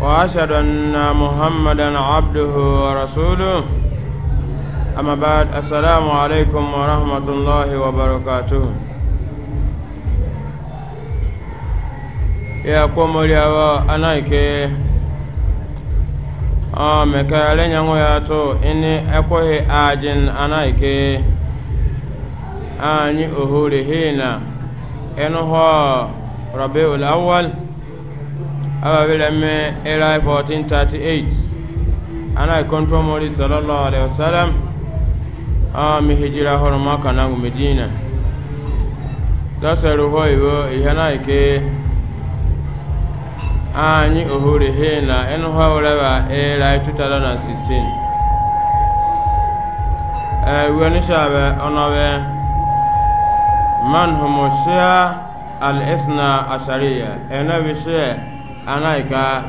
wa Abduhu sana muhamadadrasulu salam alkrmlhiwarkt akpomorio Ya ọmekarinyanweya t n ekwoghi ajanke anyị ohrhe n enụhọ rabl al ababileme era 1438 ana ikonto mori sallallahu alaihi wasallam a ah, mi hijira horo maka na medina tasaru ihe na ike anyi ohere he na ịnụha oreba era 2016 ee eh, wenishabe ọnọbe man al-ithna ashariya enebi anaika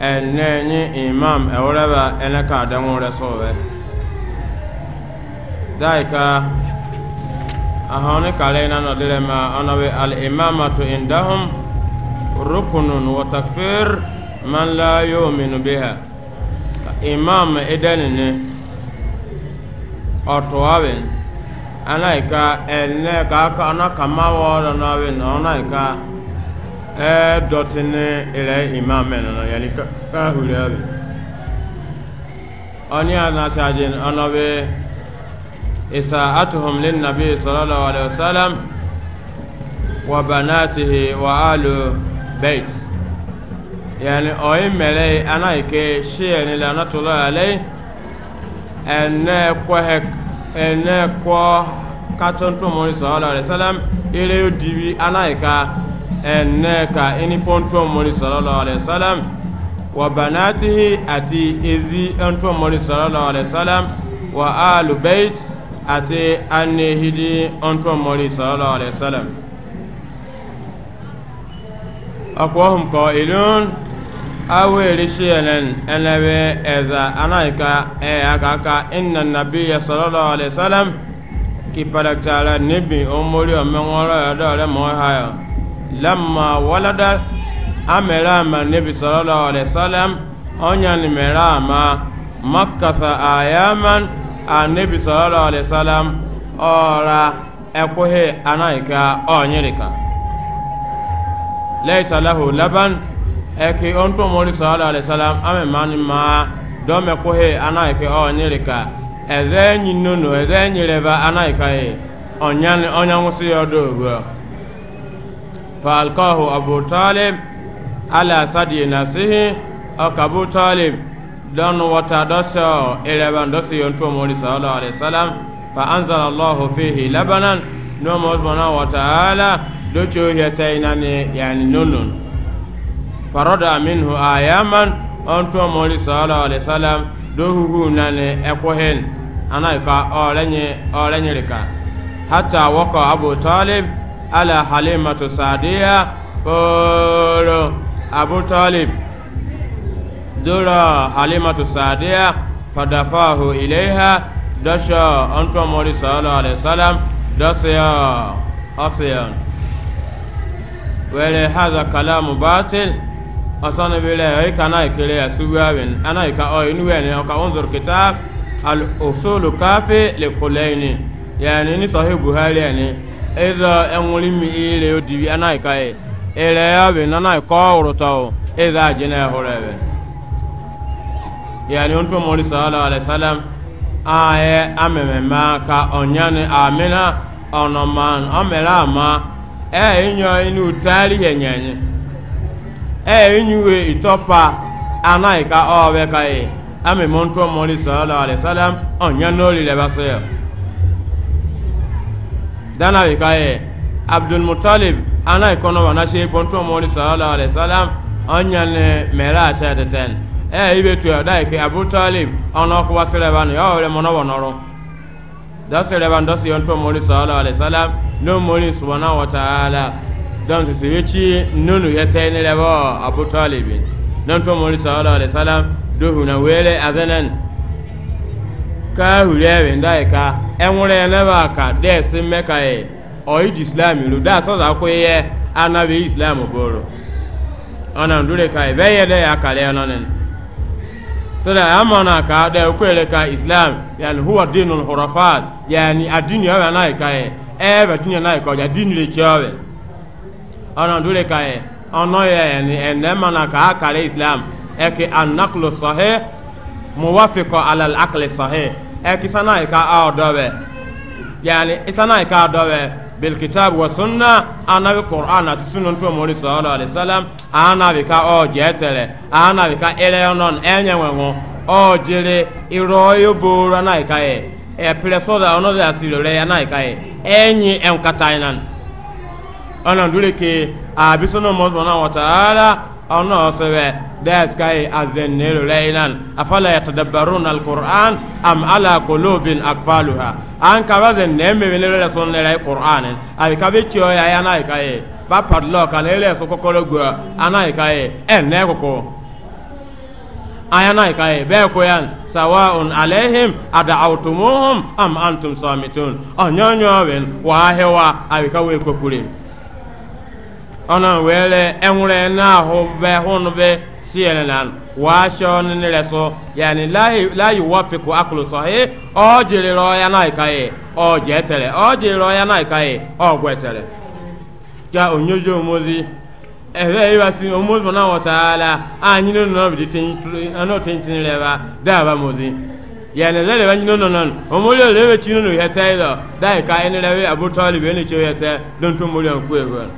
ene nyi imam ewureba ene ka dangu resobe ika ahoni kale na no dilema onawe al imamatu indahum rukunun wa takfir man la yu'minu biha imam edenene otoawen ika ene ka aka anakama wo onawen ika ee dọtịnị ire imam menụnụ yani ka huri obi onye a na isa atuhum lin nabi sallallahu alaihi wasallam wa banatihi wa alu bait yani oyi mere ana ike shia ni la natulo alai ene kwa ana enne ka ini ponto mori sallallahu alaihi wasallam wa banatihi ati ezi onto mori sallallahu alaihi wasallam wa alu bait ati annehidi onto mori sallallahu alaihi wasallam akwahum qailun awere shiyenen enabe eza anaika e akaka inna nabiyya sallallahu alaihi wasallam kipadak nibi omori lamma walada amere ama nebi sallallahu alaihi wasallam onya ni mere ama makkasa ayaman a nebi sallallahu alaihi wasallam ora ekwehe anaika onyirika laysa lahu laban eki onto mori sallallahu alaihi wasallam ame mani ma do mekwehe anaika onyirika eze enyi nunu eze enyi reba anaika e onyani onyanwusi yodo ogbo فألقاه أبو طالب على سدي نفسه أك أبو طالب دون وتدسو إلى من دسي ينتم صلى الله عليه وسلم فأنزل الله فيه لبنا نوم سبحانه وتعالى دوتشو يتينان يعني نون فرد منه آياما أنتم صلى الله عليه وسلم دوهو نان أكوهن أنا يقع أولاني أولاني لك حتى وقع أبو طالب ala halimatu sadiya polo abu talib dura halimatu sadiya fadafahu ileha, dasha anto mori sallallahu alaihi wasallam dasya asiyan wele hadha kalamu batil asana bile ay kana ikele asuwawen ana ika o inwene ka unzur kitab al usul kafi li kulaini yani ni sahih buhari yani ịza enwere imi ire odibi anaghị ka ere ya bụ na anaghị ka ọ hụrụta ịza ajị na ịhụrụ ebe yani ntụ mori sallallahu alaihi wasallam aye ma ka onyani amina ọnọman ọmere ama ee inyo inu tari yenyenye ee inyuwe itọpa anaghị ka ọ bụ ka amememe ntụ mori sallallahu alaihi wasallam onyani olile basịrị dana bi ka ye abdulmutalib ana ikono na se bonto moni sallallahu alaihi wasallam onyan mera asa deten e ibe to da ke abdulmutalib ono ko wasere banu yo le mono wonoro da sere ban dosi onto moni sallallahu alaihi wasallam no moni subhanahu wa ta'ala dan se se yechi nunu yetene le bo abdulmutalib nan to moni sallallahu alaihi wasallam do huna wele azanan ka hulewe ndai ka enwere eleba aka desi mmeka ya e, oiji islam iru da sọza kwe ihe anabe islam bụrụ ọ na ndure ka ebe ihe de ya karịa nọnị so da ya mana ka de kwere ka islam ya yani huwa dinul hurafat yani adini e, e, yawe na ka ya ebe dinyo na ka ya dinu le chawe ọ na ka ya ọnọ ya ya yani enne mana ka akara islam eke annaqlu sahih muwafiqo ala al aqli ekisana ika aodobe yani isana ika adobe bilkitab wa sunna anabi qur'an ati sunan to mori sallallahu alaihi wasallam anabi ka o jetere anabi ka ele onon enyenwenwo o jere iroyo buru na ika e e presoda ono da asirore ya na ika e enyi enkatainan onon dure ke abisono ono sebe des kai azen nero leilan afala yatadabbaruna alquran am ala qulubin aqfaluha an ka wazen nemme benero le sonne le qur'an abi ka bicho ya yana kai ba padlo ka lele so kokolo go ana kai enne koko ayana kai be ko yan sawa'un alaihim ad'awtumuhum am antum samitun onyonyo wen wa hewa abi ka we ona wele enwure na ahụ be hụnụ be sielelan waasho nile so yani layi wafiku akulu sahi o jiri rọ ya na ikaye ọ jetere ọ jiri ya na o gwetere mozi ẹ̀rẹ́ ìwà sí ọmọdún náà wọ̀ tààlà ààyè nínú náà bìí tẹ̀yìn lẹ́wà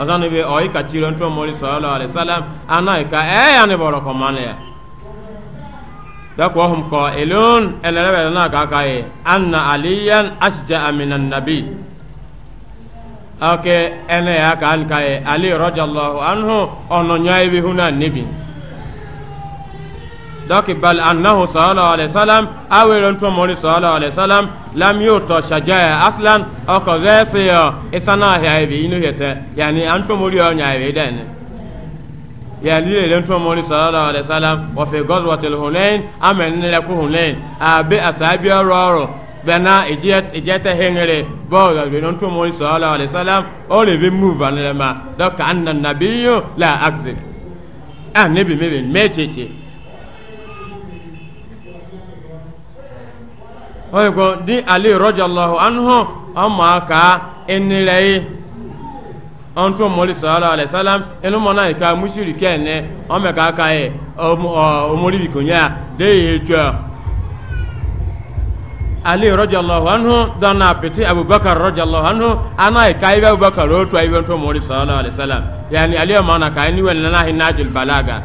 azani be oyi ka chiro nto mori sallallahu alaihi wasallam anai ka e ya ne boro ko mane ya da ko hum ko elon elere na ka ka e anna aliyan asja minan nabi ake ene ya ka an ka e ali radiyallahu anhu ono nyai bi huna nabi dɔki bal annahu sallallahu alaihi wasallam awere ntɔ mɔri sallallahu alaihi wasallam lam yóò tɔ sajaya aslan ɔkɔ zɛɛsi yɔ isana ahia ebi inu yɛtɛ yanni antɔ mɔri yɔ nya ebi dɛ ni yanni lele ntɔ mɔri sallallahu alaihi wasallam wɔfi gɔzwatil hunain amɛni lɛku hunain abe asaabi ɔrɔɔrɔ bɛna ijɛtɛ hɛŋɛrɛ bɔɔl ɔgbɛni ntɔ mɔri sallallahu alaihi wasallam bi mu vanilɛ dɔki anna nabiyo la aksi ah nebi mebi mɛtete. oyiko di ali rọjallahu anhu ọmọ aka enilayi ọntu mọli sọlọ alayisalam enumọna yi ka musiri kẹne ọmẹ kaka yi ọmọli bi konya de yi tsyọ ali rọjallahu anhu dọnna apiti abubakar rọjallahu anhu ana yi ka yi bẹ abubakar o tu balaga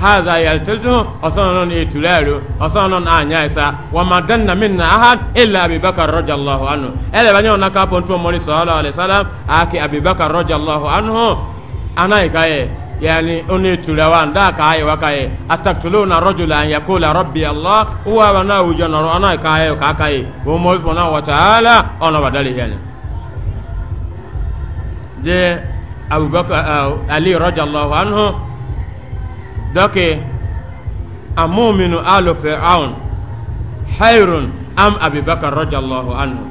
haza yaltazu osono non itulalu osono non anyaisa wa madanna minna ahad illa abubakar radiyallahu anhu ele banyo nakapo ntu mori sallallahu alaihi wasallam aki abubakar radiyallahu anhu anaikaye yani oni tulawan da ka ayi waka ye ataktuluna rajula an yakula rabbi allah huwa wana ujanaro ana ka ayi ka ka ye wo mo fona wa taala ona badali yani de abubakar ali radiyallahu anhu dɔke amuminu alu fir'aun hayrun am abubakar radiyallahu anhu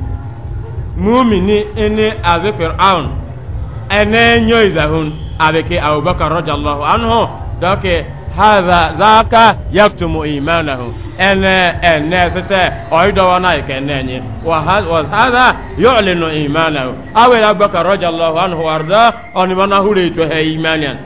mumini ini abi fir'aun ɛnɛ nyɔi zahun abi ke abubakar radiyallahu anhu dɔke hadha zaka yaktumu imanahu ɛnɛ ɛnɛ sitɛ ɔyi dɔwɔ na yi kɛnɛ nye wa hadha yɔlinu imanahu awɛ abubakar radiyallahu anhu warda ɔnibana hure to hɛ imaniyan.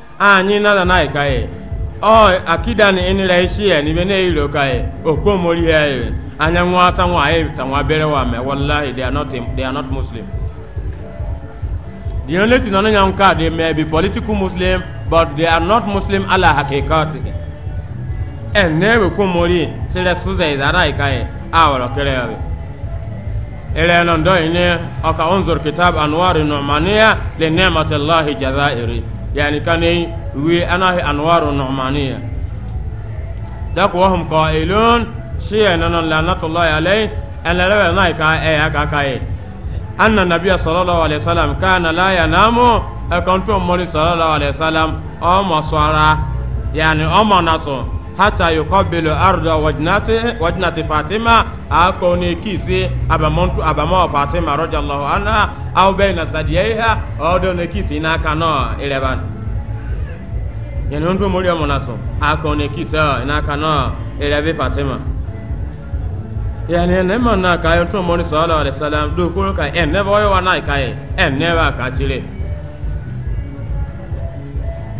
anyị nada na ikaye ọ akida na enira isi ya na bene ilo kaye okwo ya ye anya nwa ata nwa ta nwa bere wa me wallahi they are not they are not muslim the only thing nka dị, may muslim but they are not muslim ala hakikati en ne ịzara ko mori yani kani wi anahi anwaru nu'maniya dak wa hum qailun shiya nan lanatullahi alayhi ala la na ka e aka kai e. anna nabiyya sallallahu alaihi wasallam kana la yanamu akantu e mori sallallahu alaihi wasallam o maswara yani o manaso hata yukabilu arda wajnati fatima akoni kisi abamontu fatima radiyallahu anha au baina sadiyaiha odo ne kisi na kano eleban yani onto mulio monaso akoni kisi na kano elebe fatima yani ne manna ka onto moni sallallahu alaihi wasallam ka en kai en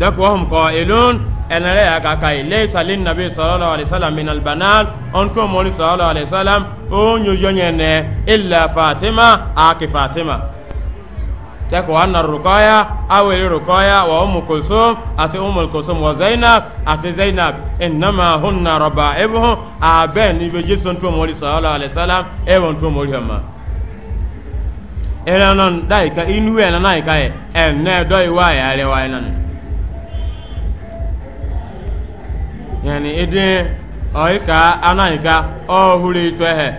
ka hum qailun ẹnẹrẹ yà kàkà yìí lẹ́yìn sàlẹ̀ nàbí sọ̀rọ̀ àlẹ́sàlám minal banal ọ̀ntún mọ́ni sọ̀rọ̀ àlẹ́sàlám ọ̀hún yóò yẹn nẹ ilẹ̀ fatima àkè fatima. tẹ́kọ̀ wà nàrú kọ́yà awèrè rú kọ́yà wà ọmọ kòsó àti ọmọ kòsó wà zainab àti zainab ẹnàmà hún nà rọ̀bà ẹ̀bùn àbẹ́ níbi jésù ọ̀ntún mọ́ni sọ̀rọ̀ àlẹ́sàlám ẹ̀wọ̀n ọ̀ntún mọ́ni ọ̀ma. ẹ̀rọ náà dáìka inú ẹ̀ náà náà yani ede oika anaika ohuru itwehe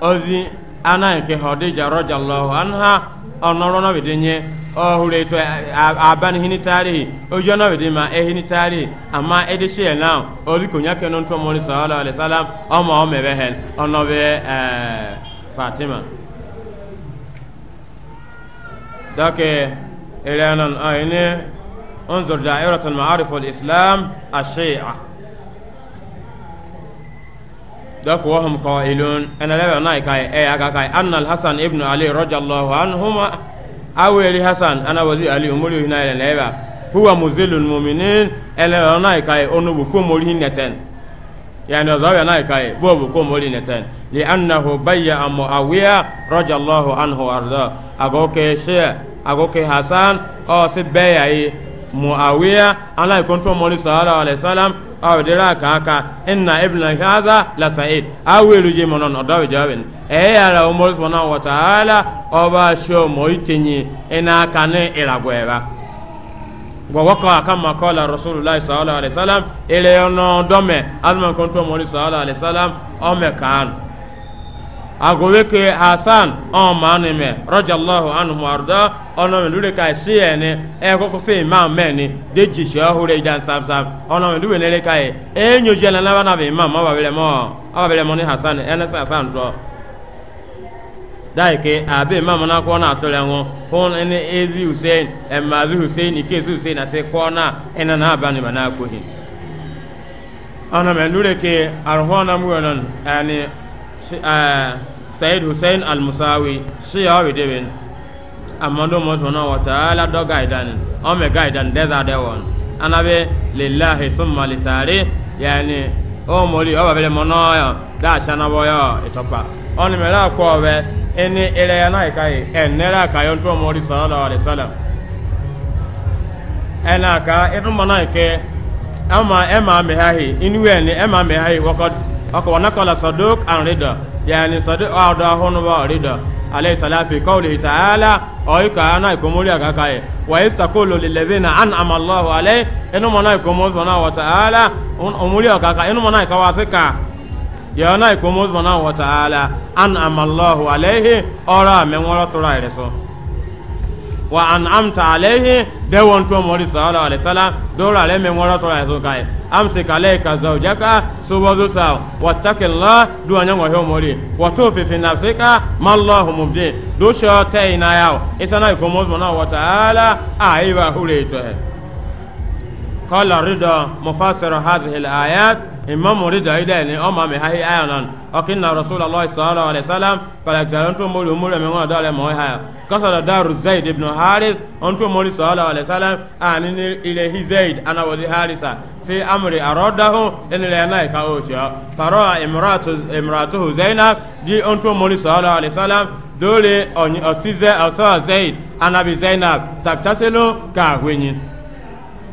ozi anaike hodija rojallahu anha onoro no bidenye ohuru itwe aban hini tarihi ozi no bidima ehini tarihi ama ede shee now ori konya kenu nto mori sallallahu alaihi wasallam omo o mebehen onobe eh fatima dake ọ ayne انظر دائرة المعارف والإسلام الشيعة دك وهم قائلون أنا لا يعنى كاي أي أكا أن الحسن ابن علي رضي الله عنهما أولي حسن أنا وزير علي أمولي هنا لنبا هو مزيل المؤمنين ألا يعنى أي أنو بكم مولي نتن يعني ذو يعنى كاي بو بكم مولي نتن لأنه بيع معاوية رضي الله عنه وأرضاه أقوكي شيء أقوكي حسن أو سبيعي muawiya ala ikonto moli sallallahu alaihi wasallam aw dira kaka inna ibna hadha la sa'id awelu je monon odawe jaben e eh, ala umol subhanahu wa ta'ala oba sho moitenyi ina kane iragweba gwagwaka kama kola rasulullahi sallallahu alaihi wasallam ile yono dome azman konto moli sallallahu alaihi wasallam ome kanu agobe ke hasan on maani me rajallahu anhu marda ono me lure kai siye ne e ko ko fe ma me ni de ji sha hure jan sam sam ono me lure ne le kai e, e nyu jela na bana be ma ma ba bele mo aba bele mo ni hasan e na hasan do dai ke abe ma mo na ko na ngo hon ene ezi hussein e ma hussein ike zi hussein ate ko na ene na aba ni ma e, na ko hin ana me lure ke arho na mu non ani eh sayid hussein almusawi siya wi debin amma do mo tona taala do gaidan o gaidan deza de won lillahi summa litari yani o mori o mono ya da shana boyo itopa on me ra ko eni ile ya nai kai enera kai on to mori sallallahu alaihi wasallam أكو ونقل صدوق عن رضا يعني صدوق أعضاه رضا عليه السلام في قوله تعالى أيك أنا يكمل كاكاي ويستقول للذين أنعم الله عليه إنه منا يكمل سبحانه وتعالى أمولي كاكاي إنه منا يكواسكا يانا يكمل سبحانه وتعالى أنعم الله عليه أرى من ورا ترى وأنعمت عليه dewon to mori sallallahu alaihi wasallam dora le me ngora to aso kai amsi kalaika zawjaka subazu sa wattaqillah duwa nyango he mori wa tufi fi nafsika ma allah mubdi do sho taina yao isana ko mozmo na wa taala aiba hule to he قال رضا مفسر هذه الآيات إمام رضا إلى أن أمام هاي آيانا أكن رسول الله صلى الله عليه وسلم قال أنتم مولي مولي من هنا دولة موهايا كسر دار زيد بن حارث أنتم مولي صلى الله عليه وسلم أن إليه زيد أنا وذي حارثة في أمر أراده إن لأنا كأوشيا فرأى امرأته زينب دي أنتم مولي صلى الله عليه وسلم دولي أسيزة أسوى زيد أنا بزينب تكتسلوا كهوينين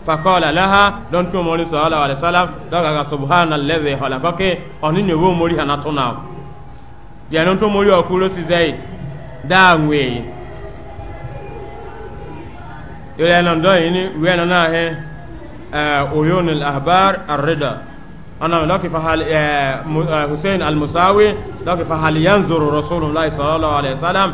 fakɔla laha don tu mori sɔɔla wa salam dɔgɔ ka subhana lɛbi hɔla kɔke ɔni nyɛ wo mori hana tuna diɛnu tu mori ɔkuro si zɛyi daa ŋwee yɛlɛ nan dɔ yini wɛ na naa hɛ eh, ɛɛ oyoni ahbar arida ana lɔki fa ɛɛ hussein almusawi lɔki fa hali yan zoro rasulillahi sɔɔla wa salam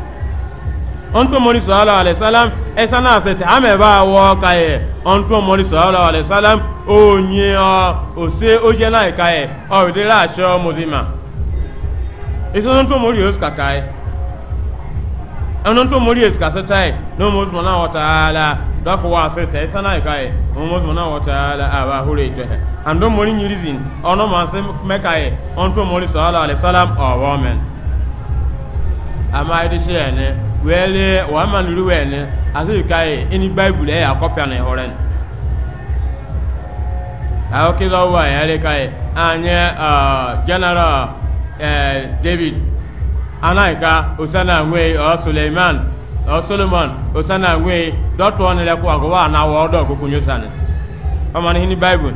onto mori sallallahu alaihi wasallam esa na ame ba wo ka onto mori sallallahu alaihi wasallam onye o o se o je lai ka o de la muzima onto mori o ka ye onto mori o ska se tai no mo na wa ala da ko wa na ka mo mo na wa ala aba hure to ando mori nyirizin ono ma se me ka onto mori sallallahu alaihi wasallam o wele wama nuru wene asu kai ini bible ya kopya na horen awo kilo wa ya le kai anye uh, general eh, david anaika usana ngwe o suleiman o solomon usana ngwe dotwo ne le ku agwa na wo do kukunyusane amani hini bible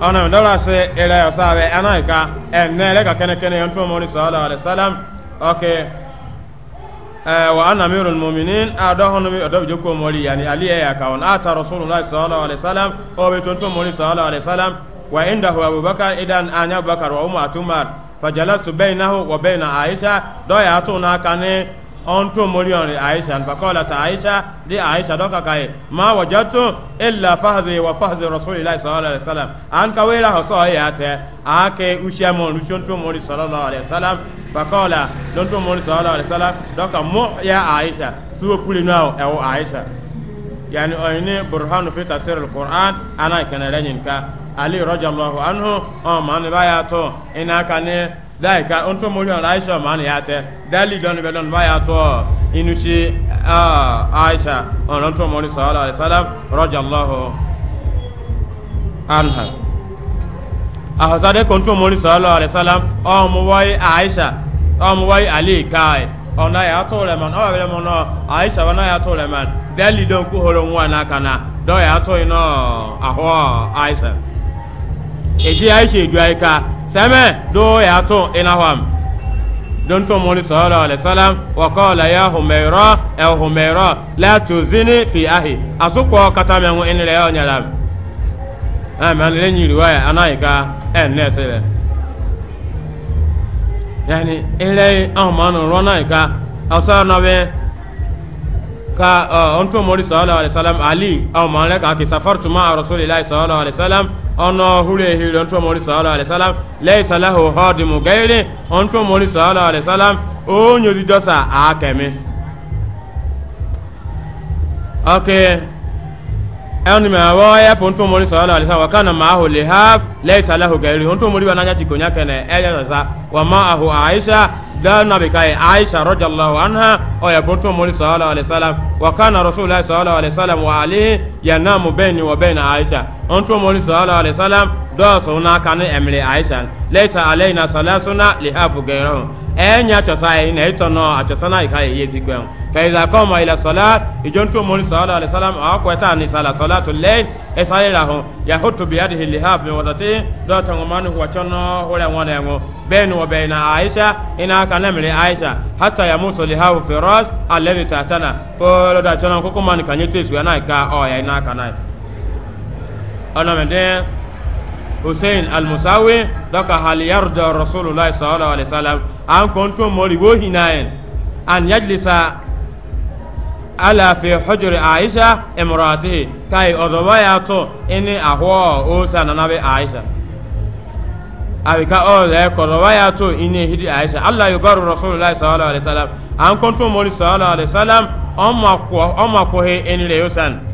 ona ndola se ila ya sabe anaika enne le ka kene kene yantu mo ni sallallahu alaihi wasallam okay eh wa anna amirul mu'minin adahunu mi odob joko mori yani ali ya ka on ata la sallallahu alaihi wasallam o be tonto mori sallallahu alaihi wasallam wa indahu abubakar idan anya bakar wa umar tumar fajalastu bainahu wa baina aisha do ya tuna kane on to morion aisha faqala ta aisha di aisha doka kai ma wajadtu illa fahzi wa fahzi rasulillahi sallallahu alaihi wasallam an kawela hoso ya te ake ushamo lushon to mori sallallahu alaihi wasallam faqala don to mori sallallahu alaihi wasallam doka mu ya aisha suwo kuli nao e o aisha yani oyni burhanu fi tafsir alquran ana kana ranyin ka ali radiyallahu anhu o man baya to ina kane dai ka on to mori on aisha man ya te dali don be don baya to inushi aisha on on to mori sallallahu alaihi wasallam radiyallahu anha ahosade kon to mori sallallahu alaihi wasallam o mu wai aisha o mu wai ali kai ona ya to le man o be mo no aisha ona ya to le man dali don ku horo nwa na kana do ya to ino aho aisha eji aisha edu aika sɛmɛ doo yaa tó ina hɔm don tó mɔni la alayisalam wa kɔɔla ya humɛyrɔ ɛ humɛyrɔ la tuzini fi ahi a su kɔɔ ka taa mɛ ŋun enira yɔ nyɛla ɛ ah, mɛ ne nyiri wa yɛ ana yi ka ɛ eh, nɛ se lɛ yanni ere ahumanu ka eh, on to mori sallallahu alaihi wasallam ali aw mala ka ki safartu ma rasulillahi sallallahu alaihi wasallam ono hure hi on to mori sallallahu alaihi wasallam laysa lahu hadimu gairi on to mori sallallahu alaihi wasallam o nyodi dosa okay ɛwɔni mɛ awɔ ɛyɛ pɔntɔn mɔri sɔrɔ la alisa wa kana ma aho le ha lɛyi sala ho gɛri pɔntɔn mɔri wa n'anya ti konya kɛnɛ ɛyɛ sasa wa ma aho aisha dɛɛ na bi ka ye aisha rɔjalawo anha ɔyɛ pɔntɔn mɔri sɔrɔ la alisa la wa kana alisa la wa ale yanamu bɛyi ni wa bɛyi na aisha pɔntɔn mɔri sɔrɔ la alisa la dɔɔ sɔn na kani ɛmiri aisha lɛyi sa ale na sala suna le ha ɛɛnya atɔsa yi na ɛtɔ nɔ atɔsa na ika yɛ ezi gbɛn fɛyiza kɔma ila sɔla ijontu mɔri sɔla ala salam akɔta ni sala sɔla to lɛ ɛsali la ho yaho tobi adi hili ha bi wɔtɔte dɔtɔ ŋmanu wɔtsɔnɔ wɔlɛ ŋɔ aisha ina kana mire aisha hata yamu soli ha fɛrɛs alɛ ni tatana pɔlɔ da tsɔnɔ koko ma ni kanyɛ tesu ya na ika ɔ ina kana yi ɔnɔmɛdɛ hussein almusawi dɔka hal yarda rasulullah sallallahu alaihi wasallam an kɔntun mɔri wo hinayen an yajlisa ala fi hujri aisha imraatihi kai ɔdɔba y'a to ini ahwɔ o sanana bi aisha abi ka ɔlɛ kɔdɔba y'a to ini hidi aisha ala yugaru rasulullah sallallahu alaihi wasallam an kɔntun mɔri sallallahu alaihi wasallam ɔn ma kɔhe ini le yosan.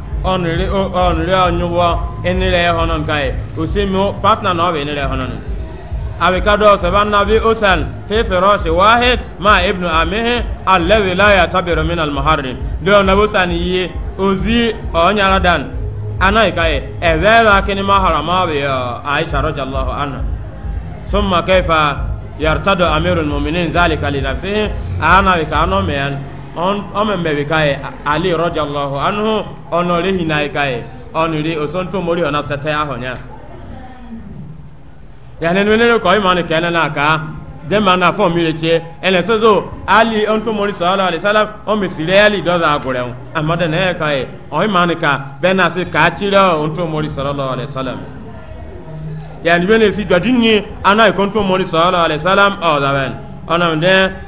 ọnụrị ọnụrị ọnyụwọ enire ịhụnụ nka ya osimi partner na ọ bụ enire ịhụnụ nụ abikado sabanna bi usan fi firashi wahid ma ibnu amihi alladhi la yatabiru min al muharrim do na busan yi ozi onyara dan anai kai ezela kini maharama bi aisha radhiyallahu anha summa kaifa yartadu amirul mu'minin zalika li nafsihi ana bi kanu mayan ọmẹmẹbi ka ali rọjallahu anhu ọnọri na ka ye ọniri osontomori ọna sẹtẹ ahọnya yanni nínú kọ́ ìmọ̀ ni kẹ́lẹ́ na ká dẹ́mà náà fọ́ ali ọ̀ntúnmọ̀rí sọ̀rọ̀ àlẹ́ sálá ọ̀mì sílẹ̀ ẹ̀lì dọ́sà àgùrẹ̀ wọn àmọ́dé náà ẹ̀ka yẹ ọ̀hìn ìmọ̀ ni ká bẹ́ẹ̀ náà sì ká tirẹ̀ ọ̀ntúnmọ̀rí sọ̀rọ̀ àlẹ́ sálá yanni bẹ́ẹ̀ ni sì dọ̀dún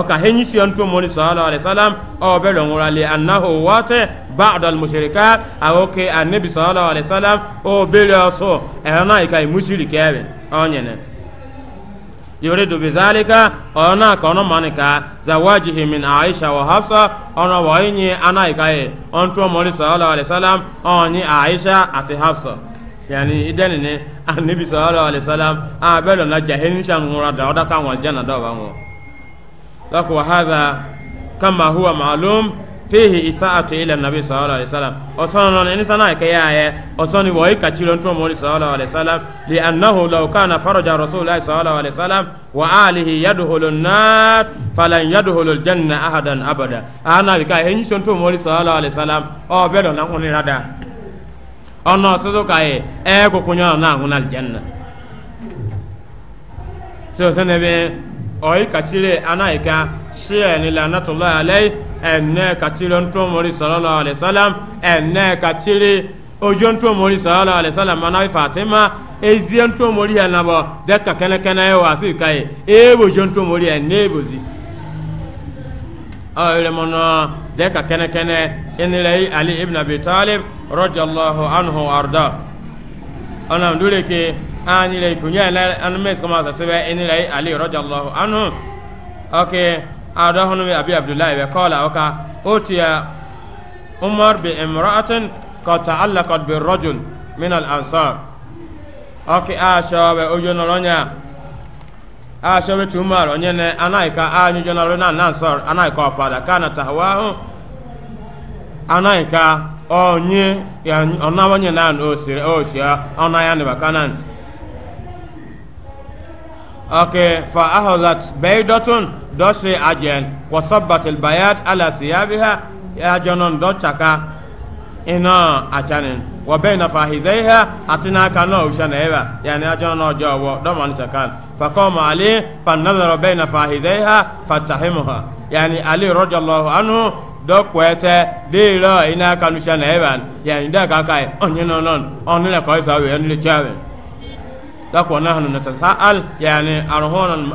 ka henyi siyon to moni sallallahu alaihi wasallam o be lo ngora li annahu wate ba'da al mushrikat aw ke annabi sallallahu alaihi wasallam o be lo so e na ka mushrikebe onyene yuridu ona manika zawajihi min aisha wa hafsa ona onto sallallahu alaihi wasallam aisha ati hafsa yani idani ne annabi sallallahu alaihi wasallam a na jahin ngura da oda kan janna dako wa hadha kama huwa ma'lum fihi isaatu ila nabi sallallahu alaihi wasallam osono non ni sana ke yaye osoni wo ka chilo ntu mo sallallahu alaihi wasallam li annahu law kana faraja rasulullah sallallahu alaihi wasallam wa alihi yadkhulu an-nar falan yadkhulu al-janna ahadan abada ana ka hen chilo ntu mo sallallahu alaihi wasallam o be do na ngoni rada ono sozo kai e ko kunya na ngona janna so sene be oyi katire anaika shia ni lanatullah alai enne katire ntomori sallallahu alaihi wasallam enne katire ojo ntomori sallallahu alaihi wasallam anayi fatima ezie ntomori ya nabo deka kene kene yo asi kai ebo jo ntomori ya nebozi ayre mono deka kene kene inilai ali ibn abi talib radiyallahu anhu arda ana ndule anyị kunya na anu mes kama sa sebe ini le ali radiyallahu be abi abdullah be qala umar bi imra'atin qad ta'allaqat bi rajul min al ansar okay asha be ojono ronya onye ne anaika anyu jono na ansar ka onye na bakanan okay fa ahazat baydatun dosi ajen wa sabbat al bayat ala siyabiha ya janon do chaka ina achanin wa baina fahidaiha atina kana ushana eba yani ajanon no jawo do man chakan fa qama ali fa nazara baina fahidaiha fatahimuha yani ali radiyallahu anhu do kwete de ro ina kanu shana eba yani da kaka onye onile ko isawe onile chawe dako nahnu natasaal yani arhonan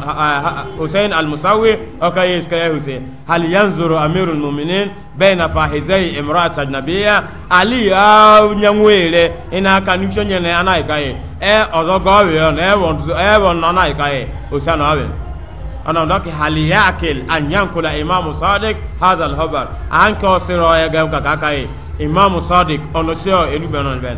husain almusawi okay iska ya husain hal yanzuru amirul mu'minin baina fahizai imra'at ajnabiyya ali aw nyangwele ina kanisho nyene anai kai e odogowe on e won e won anai usano awe ana ndoki hali yakil an yankula sadiq hadha alhabar anka osiro ya gauka kakai imamu sadiq onosio elubeno ben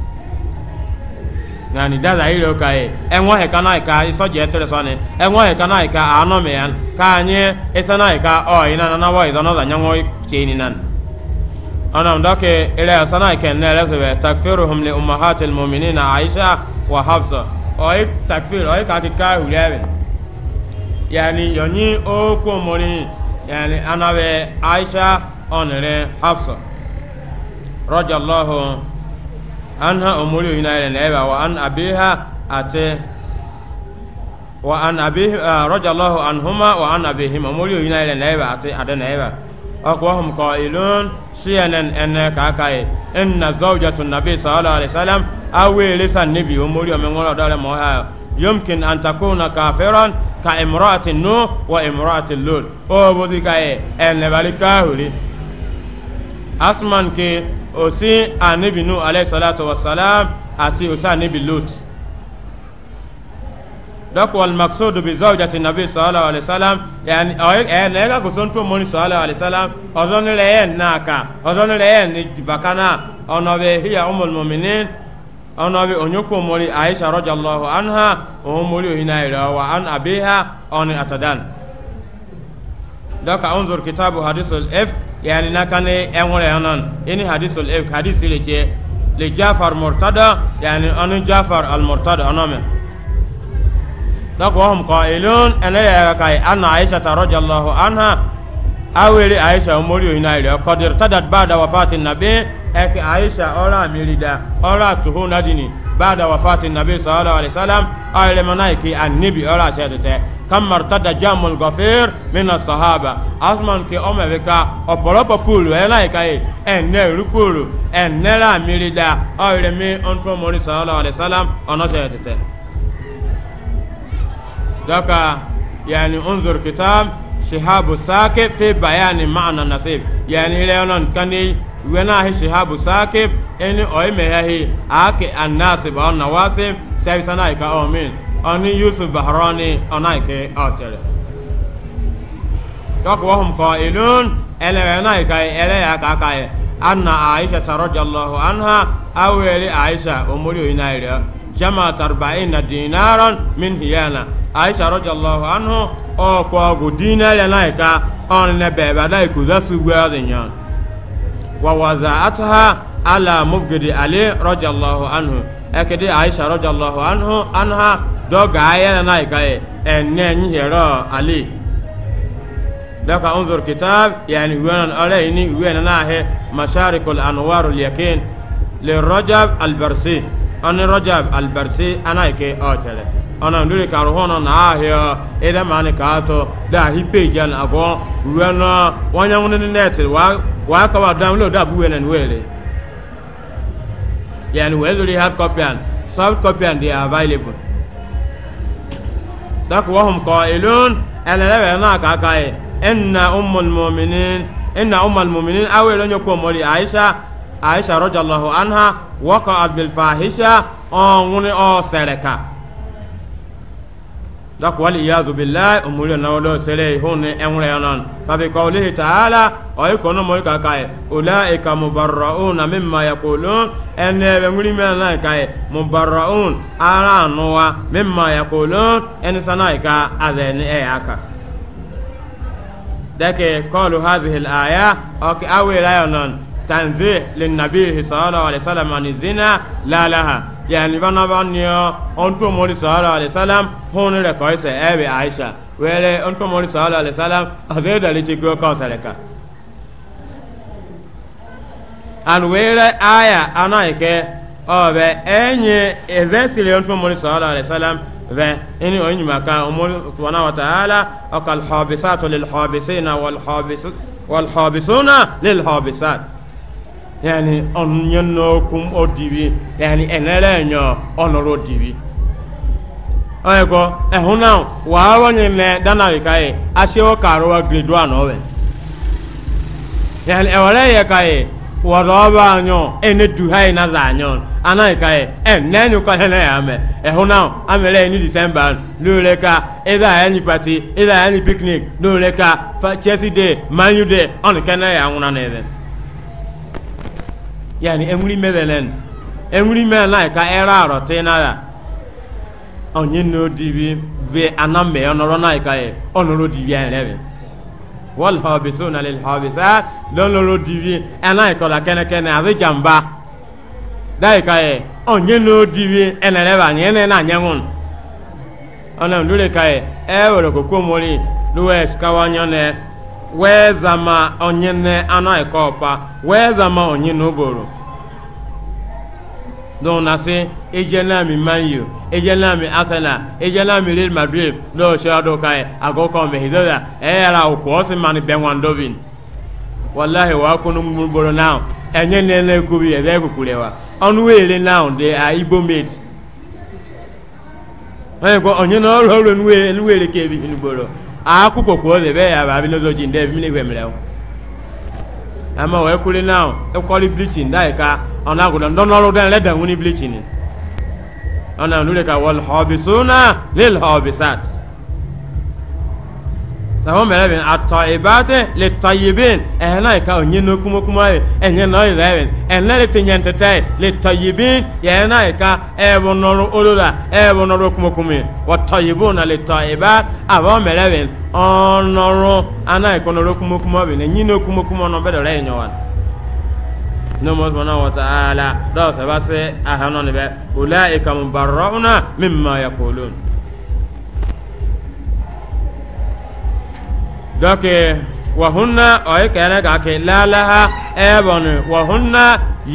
yani dada ile ka e enwo he kana ka iso je tere so ne enwo he kana ka ano me yan ka anye isa na ka o ina na wo izo no da nyanwo cheni nan ana ndoke ile asa na ka ne le sebe takfiruhum li ummahatil mu'minina aisha wa hafsa o oh, e takfir o e ka ka hulebe yani yoni o oh, ko mori yani anabe aisha onere hafsa radiyallahu anha omori oyina ile na eba wa an abiha ate wa an abi uh, rajallahu anhuma wa an abihim omori oyina ile na eba ate ade na eba akwahum qailun cnn ene kakai inna zawjatu nabi sallallahu alaihi wasallam awele san nabi omori omengoro dole mo ha yumkin an takuna kafiran ka imra'atin nu wa imra'atin lul o bodi kai ene balika huli asman ke òsì anabi nu alayhisalatu wasalam àti òsì anabi lut dɔk wal maksudu bi zawjati nabi sallallahu alaihi wasallam yani ɛ nɛɛ ka goson tó mɔni sallallahu alaihi wasallam ɔzɔn ni lɛɛ naa kan ɔzɔn ni lɛɛ ni jibakana ɔnɔ bɛ hiya umul muminin ɔnɔ bɛ onyoko mɔri aisha rɔjallahu anha ohun mɔri ohun ayi rɛ wa an abiha ɔni atadan dɔka unzur kitabu hadisul if yani nakane enwore yanan ini hadisul if hadisi le ke le jafar murtada yani anu jafar al murtada anome dɔka wahum qailun ana ya kai anna aisha radhiyallahu anha awere aisha umuri oyina ire qadir tadat ba'da wafati nabi eki aisha ora mirida ora tuhunadini ba'da wafati nabi sallallahu alaihi wasallam ayre manaiki annabi ora shadete kama rtada jamul gafir mina sahaba asman ke ọmọ bi ka ọpọlọpọ poolu ẹ náà ka ye ẹ nẹ ru poolu ẹ nẹra miri da ọ yẹrẹ mi ọ̀n tó mọ̀rí sallallahu alayhi wa sallam ọ̀nà sẹ̀ tẹ̀tẹ̀. dọ́kà yẹni unzur kitab shihabu saake fi bayani ma'ana nasib yẹni ilé ọ̀nà kani wẹ́nà shihabu saake ẹni ọ̀yẹ́mẹ̀yẹ́ hi àáké anásib ọ̀nà wáṣib sẹ́bi sanáyìí ka ọ̀ mìíràn. ani yusuf bahrani anaike atere dɔk wahum qailun elewe naika eleya kakaye anna aisha radiyallahu anha aweli aisha omuri oyinaire jama'at arba'ina dinaran min hiyana aisha radiyallahu anhu o ko go dinare naika on ne beba dai ku zasu gwadinya wa waza'atha ala mubgidi ali radiyallahu anhu ekedi aisha radiyallahu anhu anha doga ayana na igaye enne nyi hero ali daga unzur kitab yani wana ala ni wana na he masharikul anwar al yakin li rajab al barsi an rajab al barsi ana ke otele ana ndure karu hono na ahia ida mani ka ato da hi page an ago wana wanya net wa wa ka wa download abuwe na nwele yani whether they have copy and soft copy and they are available dak wahum qailun alalawa na kaka e inna ummul mu'minin inna ummul mu'minin awelo nyoko mori aisha aisha radhiyallahu anha waqa'at bil fahisha on woni o sereka dɔk li iyadu billahi umuri na wolo sele hun enwure yonon fa bi qawlihi ta'ala o yi kono mo ka kai ulaika mubarraun mimma yaqulun enne be nguri me na kai mubarraun ara nuwa mimma yaqulun en sanai ka azen e aka dake qalu hadhihi al-aya o ki awira yonon tanzih lin nabiy sallallahu alaihi wasallam an zina la laha yani bana banniya on to mori sallallahu alaihi wasallam hon re ko ise ebe aisha wele on to mori sallallahu alaihi wasallam abe dali ti go ka sareka an wele aya anaike obe enye eze sile on to mori sallallahu alaihi wasallam ve ini o nyima ka umuri subhanahu wa ta'ala akal habisatu lil habisina wal habisuna lil habisat yani onyen n'okum odibi yani enere enyo onoro odibi onye ko ehuna wa awonye ne dana kai ashewo karuwa grade 1 owe yani ewere ye kai wọrọ ọrụ anyọ enedu ha na za anyọ anaghị ka em na-enyo ka ha na-ya ame ịhụ na amere enyi disemba n'ule ka ịza ya enyi pati ịza ya enyi piknik n'ule ka chelsea day manu day ọ na-eke na-ya nwụna n'ebe yani enwuri medelen enwuri me na ka era aro arote na ya onye no dibi ve aname onoro na ka e onoro dibi enrebe wal habisuna lil habisat lonoro dibi ana ka la kene kene azi jamba dai ka e onye no dibi enrebe anye ne na anyanwun ona ndure ka e e were kokko mori duwe skawanya ne wezama onye ne anaghịkọ ọpa wezama onye n'ụbọrọ dɔw na se ejenami manyu ejenami arsenal ejenami real madrid dɔw sɛ dɔw ka ye e a ko kɔn mɛ hizɛ la ɛ yɛrɛ o kɔɔ si mani bɛn wan dɔ bin walahi waa kunu mun bolo naa ɛ nye ne ne kubi ɛ bɛ kukure wa ɔnu weere de a ibo mate ɛ na ɔlɔlɔ nu weere kebi ni bolo. akụkọ kwuo dị be ya bụ abịa n'ụzọ ji ndị ebimini igwe ama wee kwuli na ekwọli blichin daị e ka ọ na-agụdọ ndị ọrụ dị nleda nwunye blichin ọ na-anụle ka wọl họbisuna lil họbisat sàwọn mẹrẹbìn atọ ìbáàtẹ lè tọyìbìn ẹhìn náà ìka ònyìn ní kúmọkúmọ yìí ẹhìn náà ìrẹbìn ẹhìn náà lè tẹnyẹ ntẹtẹ lè tọyìbìn ẹhìn náà ìka ẹbùn nọrọ olóra ẹbùn nọrọ kúmọkúmọ yìí wọ tọyìbìn náà lè tọ ìbá àwọn mẹrẹbìn ọnọrọ aná ìkọ nọrọ kúmọkúmọ bìn ẹhìn ní kúmọkúmọ náà bẹ́ẹ̀ dọ̀rẹ́ ìyẹn wa nomo sɔnna wata ala dɔw sɛbɛ se ahanɔ ni bɛ ulayi kamu barɔna min ma yakolon. dɔke wahunna ɔye kɛnɛ ka ke lalaha ɛbɔni wahunna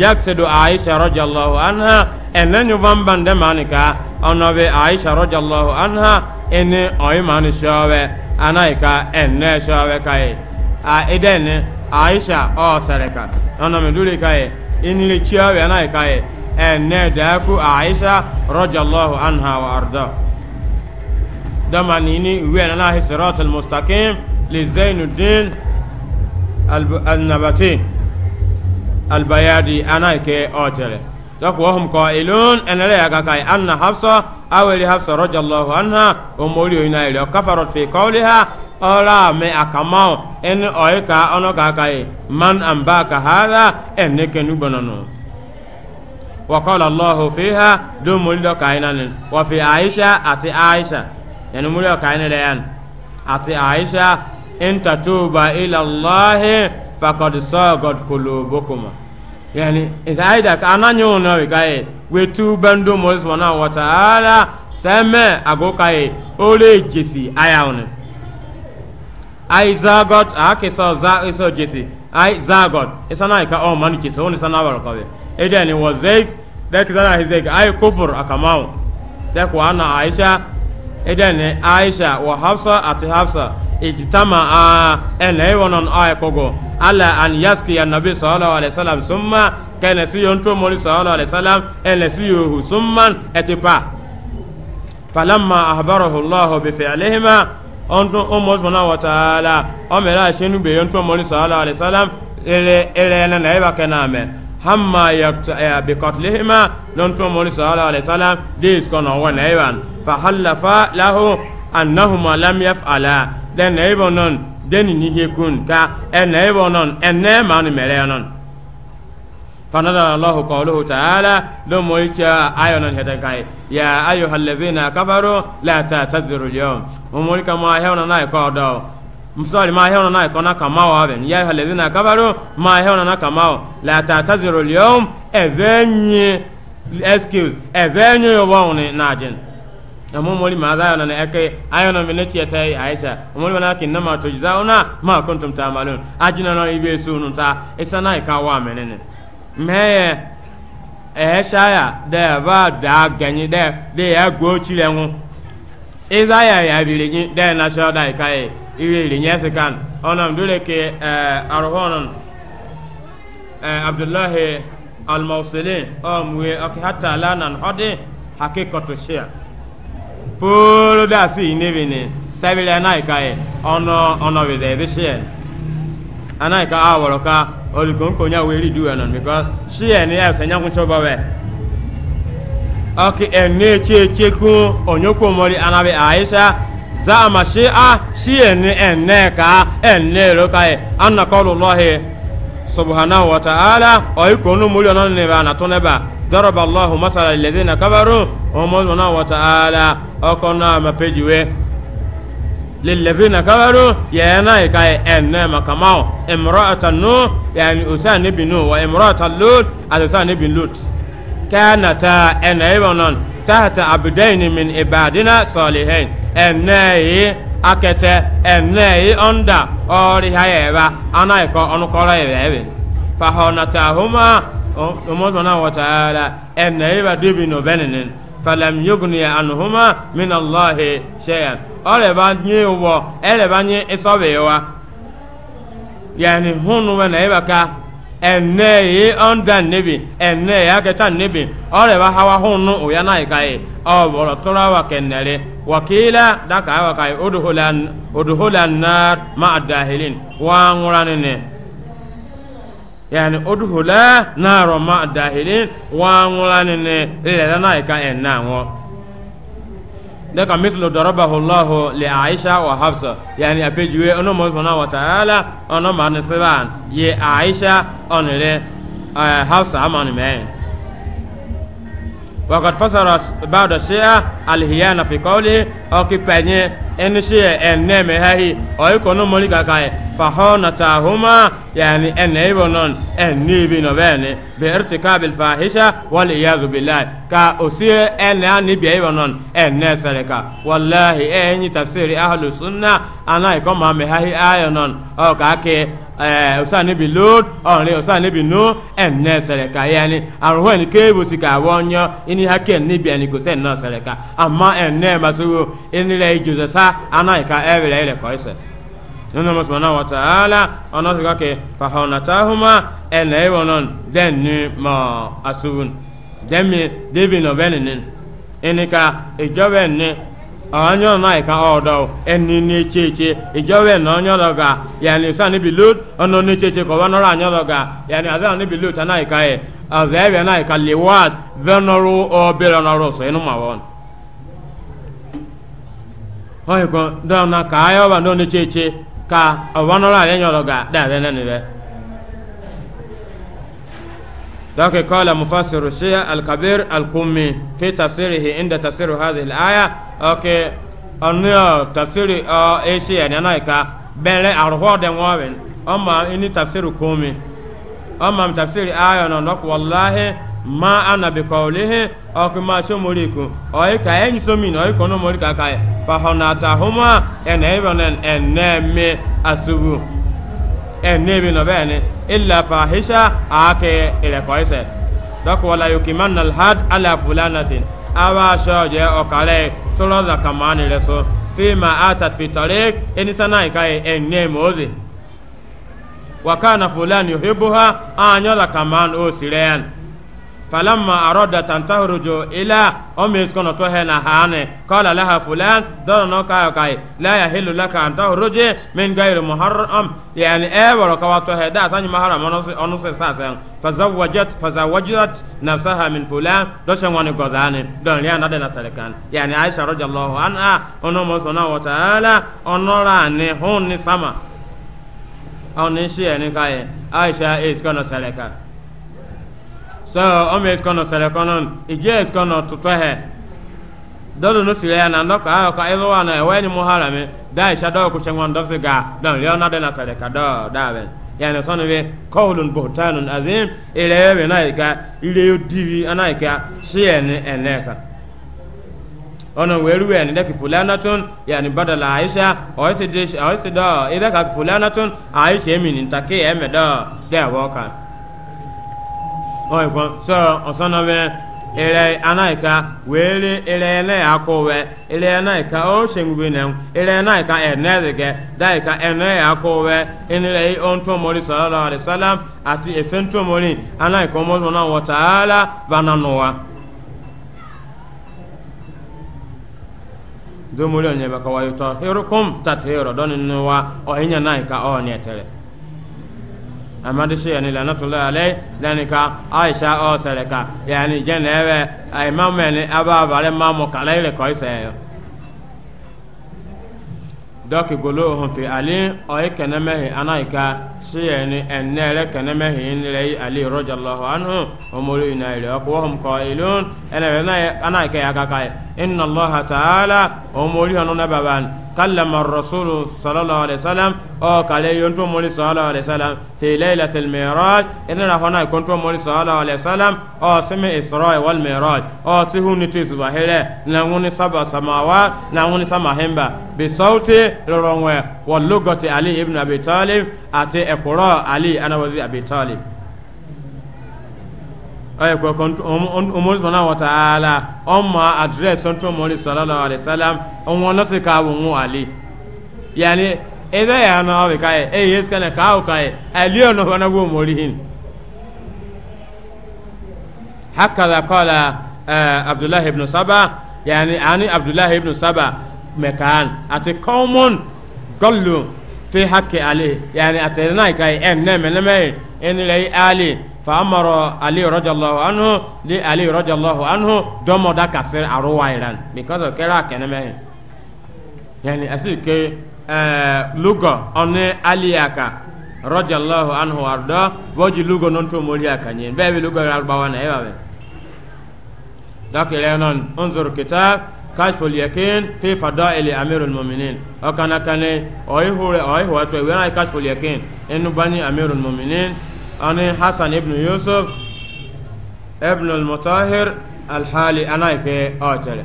yaksidu aisha rɔjallahu anha ɛnɛ nyuban bande mani ka ɔnɔbi aisha rɔjallahu anha ɛni ɔye mani sɔɔbɛ ana yi ka ɛnɛ sɔɔbɛ ka ye a idɛni aisha ɔɔsɛrɛ ka ɔnɔmi duli ka ye inili ciyawe ana yi ka ye ɛnɛ dɛku aisha rɔjallahu anha wa ardɔ dɔmani ni wiyɛnɛ na hisirɔtul mustakim lizainuddin annabati albayadi ana ke otere dɔk wɔhum qailun ɛnɛrɛ yaga kai anna hafsa aweli hafsa radiallahu anha omori oyina ere kafarot fi qawliha ɔra me akamao ɛni ɔyi ka ɔnɔ ka kai man ambaka hada ɛni kenu bɔnɔnu وقال الله فيها دون مولد كائنان وفي عائشة أتي عائشة يعني مولد كائنان أتي عائشة in tatuba ila allahi faqad sagat qulubukuma yani isaida ka ananyo na we kai we tuba ndo mo subhanahu wa ta'ala seme agokai ole jesi ayaone ai zagot akisa za iso jesi ai zagot isana ka o man kisa oni sana waro kawe edeni wa zaik dak zara hizek ai kufur akamau dak wa aisha edeni aisha hafsa ati hafsa ijtama a ene wonon ay kogo ala an yaski ya nabi sallallahu alaihi wasallam summa kana si yon to moni sallallahu alaihi wasallam ene si yuhu summan etipa falamma ahbarahu allah bi fi'lihima onto ummu subhanahu wa ta'ala amara shenu be yon to moni sallallahu alaihi wasallam ele ele na na iba kename hamma yakta e, bi qatlihima non to moni sallallahu alaihi wasallam dis kono wona iban fa halafa lahu annahuma lam yaf'ala den na ibo non den ni he kun ka en na ibo non en ne ma ni mere non فنزل الله قوله تعالى لم يجا ايون هدكاي يا ايها الذين كفروا لا تعتذروا اليوم وملك ما هيونا ناي قودو msori ma heona na ikona kama wa ben ya halezina kabaro ma heona na kama la tataziru al yawm evenye excuse evenye yobawni najin na mu mori ma za na eke ayo na mene tiya tai aisha mu na kin na ma to zauna ma kuntum ta'malun ajina no ibe sunu ta na ka wa menene meye eh shaya da ba da ganyi da da ya gochi lenwu iza ya ya bilinyi da na sha e, da kai iwe linye sikan onam dole ke eh arhonon eh abdullahi al-mawsilin o muwe lanan hadi hakikatu shia poolo da si nebi ne sabili anayi e. e. ka ye ɔnɔ ɔnɔ bi dɛ bi seɛ anayi ka a e wɔrɔ ka olukonko nya weli duwa nɔ because seɛ ni a sɛnya kun tɔba wɛ ɔki ɛnɛ tse tse kun onyoko mɔri anabi ayisa zaama se a seɛ ni ɛnɛ ka ɛnɛ ro ka ye anakɔlɔlɔhi. subhanahu wa ta'ala oyi konu mulyo non ne ba na tone ba daraba allah masala alladhina kafaru wa subhanahu wa ta'ala okona mapejiwe للذين كفروا يا نايكا انما كما امراه نوح يعني اسان بن نوح وامراه لوط اسان بن لوط كانتا ان ايبنون تحت عبدين من عبادنا صالحين ان akete enne i onda ori hayeba anaiko onukora ibebe fahonatahuma umar subhanahu wa ta'ala enne iba dubi no beninin falam yugni anhuma min allahi shay'an ole ba nyi wo ele ba nyi isobe wa yani hunu wa na iba ka ene ye onda nebi ene ya keta nebi ore ba hawa hunu uya na ikai oboro tura wa kenere wakila daka wa kai udhulan udhulan nar ma adahilin wa nguranene yani udhula nar ma adahilin wa na enna ngo deka mislu darabahu llahu li aisha wa hafsa yani apejuwe ono mo subhanahu wa ta'ala ono ma ne siban ye aisha onire eh, hafsa amani meyin وقد فسر بعض الشيعة الهيانة في قوله أو كبني إن شيء إنما هي أو يكون ملكا كاي فهونتاهما يعني إن إبنون إن نيبين بين بارتكاب الفاحشة والعياذ بالله كأسير إن نبي إبنون إن نسلك والله إن تفسير أهل السنة أنا يكون ما مهي آيانون أو كاكي ọsa eh, nebi lot ọrẹ ọsa nebi no ẹnẹ sẹrẹka yẹni arụhụ ẹni keebu si ka awọ nyọ ẹni ha kẹ nebi ẹni gosẹ ẹnẹ sẹrẹka ama ẹnẹ masoro ẹni rẹ jose sa anaghị ka ẹrẹ ẹrẹ kọ ẹsẹ nínú ọmọ sọmọ náà wọ tààlà ọ̀nà ọ̀sẹ̀ kọ́kẹ́ fàhọ̀nàtàhùmá ẹnẹ ìwọ̀n náà dẹ́ni mọ́ asúrùn dẹ́mi dẹ́bi nọ̀bẹ́ni ní ẹni ka onyo na ka odo eni ni cheche ijowe na onyo loga yani sa ni bilut ono ni cheche ko wa nora onyo loga yani aza ni bilut na ka e aza ebe na ka liwat venoru obere na roso ịnụ ma won hoye ko do na ka ayo ba no ni cheche ka wa nọrọ anyị loga da be na ni لكن قال مفسر الشيء الكبير الكمي في تفسيره عند تفسير هذه الآية أوكي أنه تفسير أو إيشي يعني أنا إكا بل أرهو دموابن أما إني تفسير كومي أما تفسير آية نونك والله ما أنا بقوله أو ما شو مريكو أو إكا أين سمين أو إكا نمريكا كاي فهناتهما إن إبنن إنمي أسبوه ẹ̀ẹ́nẹ́bi nọ bẹ́ẹ̀ ni ilà fàáhíṣà àákẹ́ ìrẹ̀kọ́ ẹsẹ̀ dọ́kọ̀ wọlé yòókì má nà had aláfúlá nàtìn àwa aṣọ ọ̀jẹ́ ọ̀kàlẹ̀ tọrọ zàkàmá ni rẹ̀ so fíìmà àtàtìtọ̀rẹ́ ẹnisánà ìka ẹ̀ẹ́nẹ́ mọ́ọ́sì wàkàna fúlá ni òhìbùhá àányọ́ zàkàmá ni ó sì rẹ̀ yàn. فلما أرادت أن تخرج إلى أم يسكن تهنا هاني قال لها فلان دون نوكا كاي لا يحل لك أن تخرج من غير محرم يعني أبر كواتوه دا ساني محرم أنص ساسا فزوجت فزوجت نفسها من فلان دوشن واني غزاني دون ليان ندنا تلكان يعني عائشة رضي الله عنها أنه مصنع وتعالى أنورا هون سما أو نشي يعني كاي عائشة إسكن سلكان so ɔmɛ isikɔnɔ sɛlɛ kɔnɔ ìjɛ isikɔnɔ tutɔ hɛ dɔlu nu sire ya na ndɔ ka ayɔ ka ɛzɔ wa e, na ɛwɛ ni mu hara mi da isa dɔw kutsɛ ŋɔn dɔ ga dɔn lɛ ɔna de na sɛlɛ ka dɔɔ daa bɛ yanni sɔni bɛ kɔɔlun bɔtanu azim ire yɛ bɛ na yi e ka ire yɛ dibi ana yi e ka seɛ ni ɛnɛ kan ɔnà wɛru anatun yanni badala ayisa ɔyisi ka anatun ayisa emi ni ɛmɛ dɛ wɔ kan. ọ̀ẹ̀kọ́ sọ ọ̀sánà bẹ́ẹ̀ ere anaika were ere ne akọwe ere anaika o shengube nem ere anaika enezige daika ene akọwe enere onto mori sallallahu alaihi wasallam ati esento mori anaika mo na wa taala bananowa domori onye bakawa yuto hirukum tatiro donin wa o hinya naika o etere amadisu yani lanatula ale danika aisha o sereka yani jenewe ay mamene aba bare mamu kalaire ko iseyo doki golo hon fi ali o ikeneme anaika siyani ennere kaname hinilai ali radiyallahu anhu umuri inaire akwahum qailun ana ana ana ke akakai inna allah ta'ala umuri hanuna baban kallama rasulu sallallahu alaihi wasallam o kale yonto muri sallallahu alaihi wasallam fi lailatul mi'raj inna hona konto wọlúgọtì ali ibn abi talib àti ẹkùrọ ali anawazi abi talib. ọyọ kọkàn ọmọdé sọnà wọta ààlà ọmọ àdírẹ́sì tó mọ́lẹ́ sọlọ́lọ́ alẹ́sálàm ọmọ lọ́sẹ̀ káwọ́ ń ali. yàní ẹ̀dá yà nà ọ̀bì káyẹ ẹ̀yẹ yẹsì kẹ́nẹ̀ káwọ́ káyẹ ẹ̀lí ọ̀nà ọ̀nà gbọ́ mọ́lẹ́ hìn. hakala kọ́la abdullahi ibn saba yàní àní abdullahi ibn saba mẹ̀kàn àti kọ́mọ́nù kollu fi haqqi ali yani atayna kai en ne me ne me en lay ali fa amara ali radiyallahu anhu li ali radiyallahu anhu domo da kafir arwa iran because of kera kene me yani asike eh lugo onne ali aka radiyallahu anhu arda waji lugo non to moli aka nyen be be lugo arbawana e babe dakile non unzur kitab كشف اليقين في فضائل أمير المؤمنين أو كان كان أي هو أي هو توي كشف اليقين إنه بني أمير المؤمنين أنا حسن ابن يوسف ابن المطاهر الحالي أنا في أوتل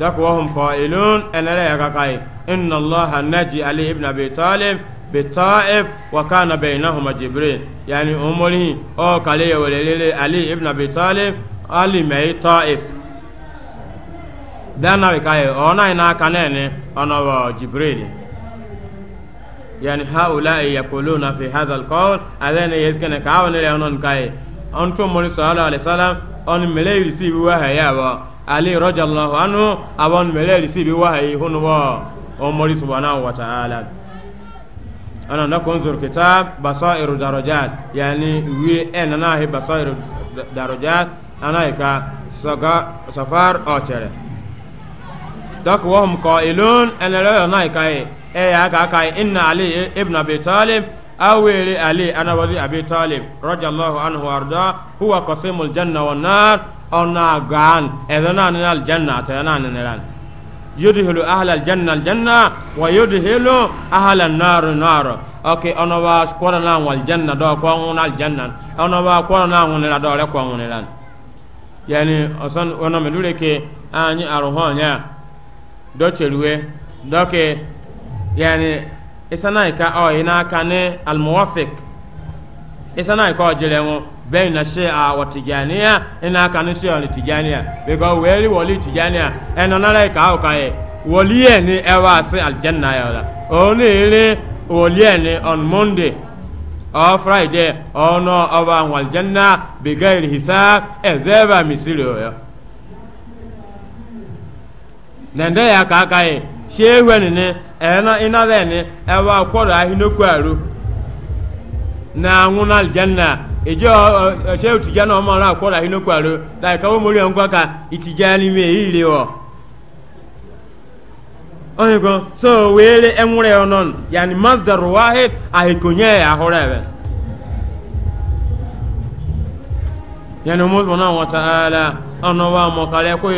دك وهم قائلون أنا لا يقاي إن الله نجي علي ابن أبي طالب بالطائف وكان بينهما جبريل يعني أمولي أو كالي ولي علي ابن أبي طالب علي مي طائف dana wika ye ona ina kanene ona wa jibril yani haula yaquluna fi hadha alqawl adana yezkene ka awne le onon kai on to mori sallallahu alaihi wasallam on mele risibi wa haya wa ali radiyallahu anhu abon mele risibi wa hayi hunu wa on mori subhanahu wa ta'ala ana na kunzur kitab basairu darajat yani wi enana eh, he basairu darajat ana ka saga safar o chere dɔk wɔhum kɔilun ɛnɛ lɔyɔ nai kai ɛ e ya ka kai inna ali ibn abi talib awere ali anabadi abi talib radiyallahu anhu warda huwa qasimul janna wan nar ona gan ɛdana e ni al janna tɛna ni ran yudhilu ahla al janna al janna wa yudhilu ahla an nar nar okay ona wa kora na wal janna do ko on al janna ona wa kora na on ni do re ko on ran yani osan ona me ke anyi aruhonya do cheruwe doke yani isana ka o ina ka ne al muwafiq isana ka na ṣe àwọ̀ tìjànìyà ẹ̀nà àkànní ṣe ọ̀nì tìjànìyà bẹ́ẹ̀ wẹ́ẹ́rì wọlé tìjànìyà ẹ̀nà náírà ẹ̀ka ọ̀ka yẹ wọlé ni on friday dende ya ka aka yi sie ehwe ne ena ina le ne ewa na anwụ na na ọmọ ọlọ akwọrọ ahinu kwaro da ika wo mori ọnkọ ka itija n'ime eyiri ọ onye so were enwere ọnọn yani mazdar wahid ahikonye ya ebe wa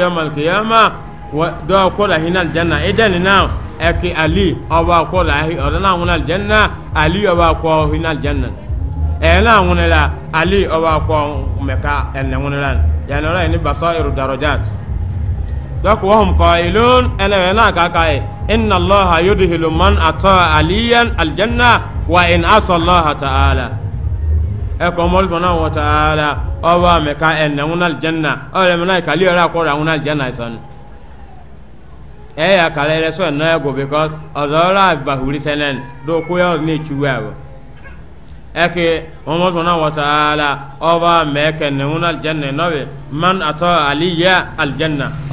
ya dɔw ko la hinɛ aljanna i dɛni na ɛki ali o b'a ko la o dana ŋun aljanna ali o b'a ko hinɛ aljanna ɛna e ŋun la ali o b'a ko mɛ ka ɛnɛ ŋun la yanni o la basa iru darajat dɔk wahum qailun ɛnɛ ɛna ka ka ye inna allaha yudhilu man ata aliyan aljanna wa in asa allaha ta'ala ɛkɔ e mɔri fana wa ta'ala o b'a mɛ ɛnɛ ŋun aljanna o yɛrɛ mɛ na kali yɛrɛ ko la ŋun aljanna e sanni eya eh, kala ele so no go because ozola bahuri senen do ko yo ni chuwa bo eke eh, omo so na wata ala oba meke ne unal janna no be man ata aliya al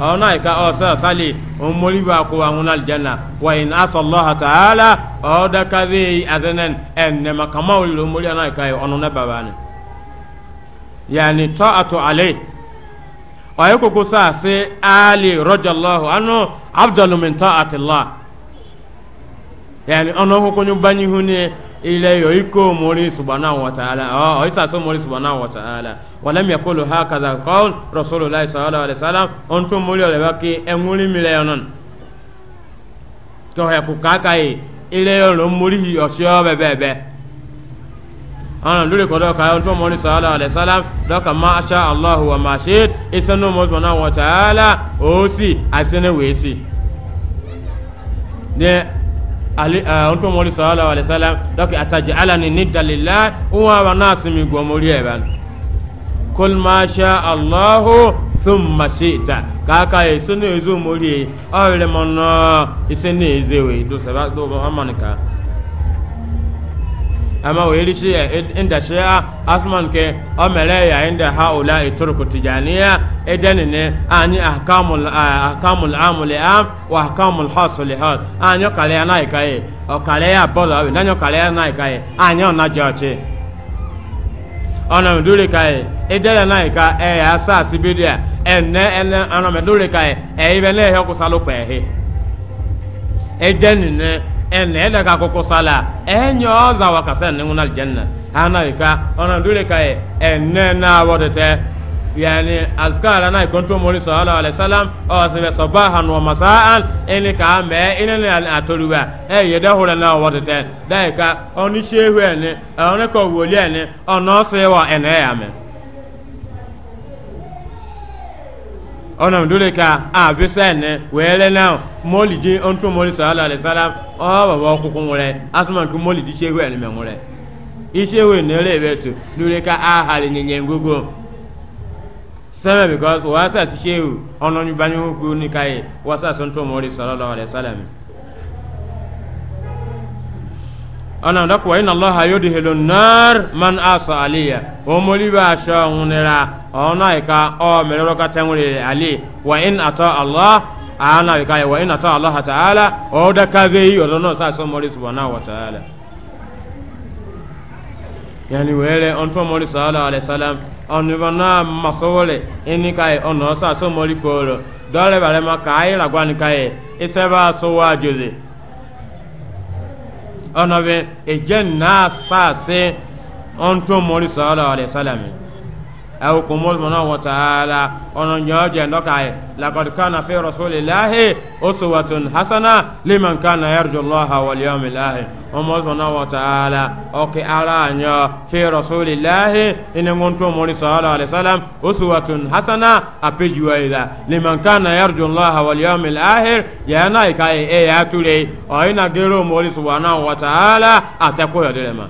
ona ka o sali umuri ba ko unal janna wa in asa allah taala o oh, da kazi azanan enne makama ul umuri na ka ono na ato yani waye ko ko sa se ali radiyallahu anhu afdalu min ta'atillah yani ile iko mori subhanahu wa ta'ala wa ta'ala walam yakulu hakadha qaul rasulullah sallallahu alaihi wasallam onto mori ole baki enwuri mile ile lo mori ana lure ko do kayon to moni sallallahu alaihi wasallam do ka ma sha Allah wa ma shit isanu mo bana wa taala o si asene we si ne ali on eh, to moni sallallahu alaihi wasallam do ka ataj'alani nidda lillah wa wa nasimi go mori e ban kul ma sha Allah thumma shita kaka isunu ezu mori e awre mon isene ezewe do sa do amanika ama o yeli shi inda shi'a asman ke o mere ya inda haula iturku tijaniya e idan ne ani ahkamul ahkamul amul am wa ahkamul hasul hal anyo kale na ikaye o kale ya bolo abi nanyo kale ya e, na ikaye anyo e na jochi ona mdule kae idela na ika e ya sa sibidia enne enne ona mdule kae e ibe ne he kusalu pe he ne en ele ka koko sala enyo za wakasa ne ngunal ha ana ka ona dure ka ene na wodete yani azkar ana ikonto mori sallallahu alaihi wasallam o sebe sabahan wa masaan ene ka me ene na atoruwa e yeda hola na wodete dai ka oni shehu ene ona ko woli ene ona wa ene ya me ona mdule ka a bisene wele na moliji ontu moli sallallahu ala wasallam o baba okukun wure asman ku moliji shewe ni me wure ishewe ne le betu dule ka a hali nyenye ngugo sema because wasa shewe onon banyu ku ni kai wasa ontu moli ala alaihi wasallam ana da kuwa ina Allah yudhilu nar man asa aliya o moli ba sha hunira ona ka o merero ka tanwure ali wa in ata Allah ana ka wa in ata Allah ta'ala o da ka ge yi ono sa so moli subhanahu wa ta'ala yani wele on to moli sallallahu alaihi wasallam on ibana masole ini kai ono sa so moli ko dole bare ma kai ragwani kai iseba so wa jose ọ̀nà bẹ ẹ̀jẹ̀ náà sàṣẹ ọ̀ntún mọ́rí sọ̀rọ̀ ọ̀lẹ́sálàmì. أو كمول منا وتعالى أن يوجد لك لقد كان في رسول الله أسوة حسنة لمن كان يرجو الله واليوم الآخر أمول منا وتعالى أوكي على أن في رسول الله إن كنتم مولي صلى الله عليه وسلم أسوة حسنة أبجوا إذا لمن كان يرجو الله واليوم الآخر يا نايكا إيه يا تولي أين غير مولي سبحانه وتعالى أتقوا يا دلما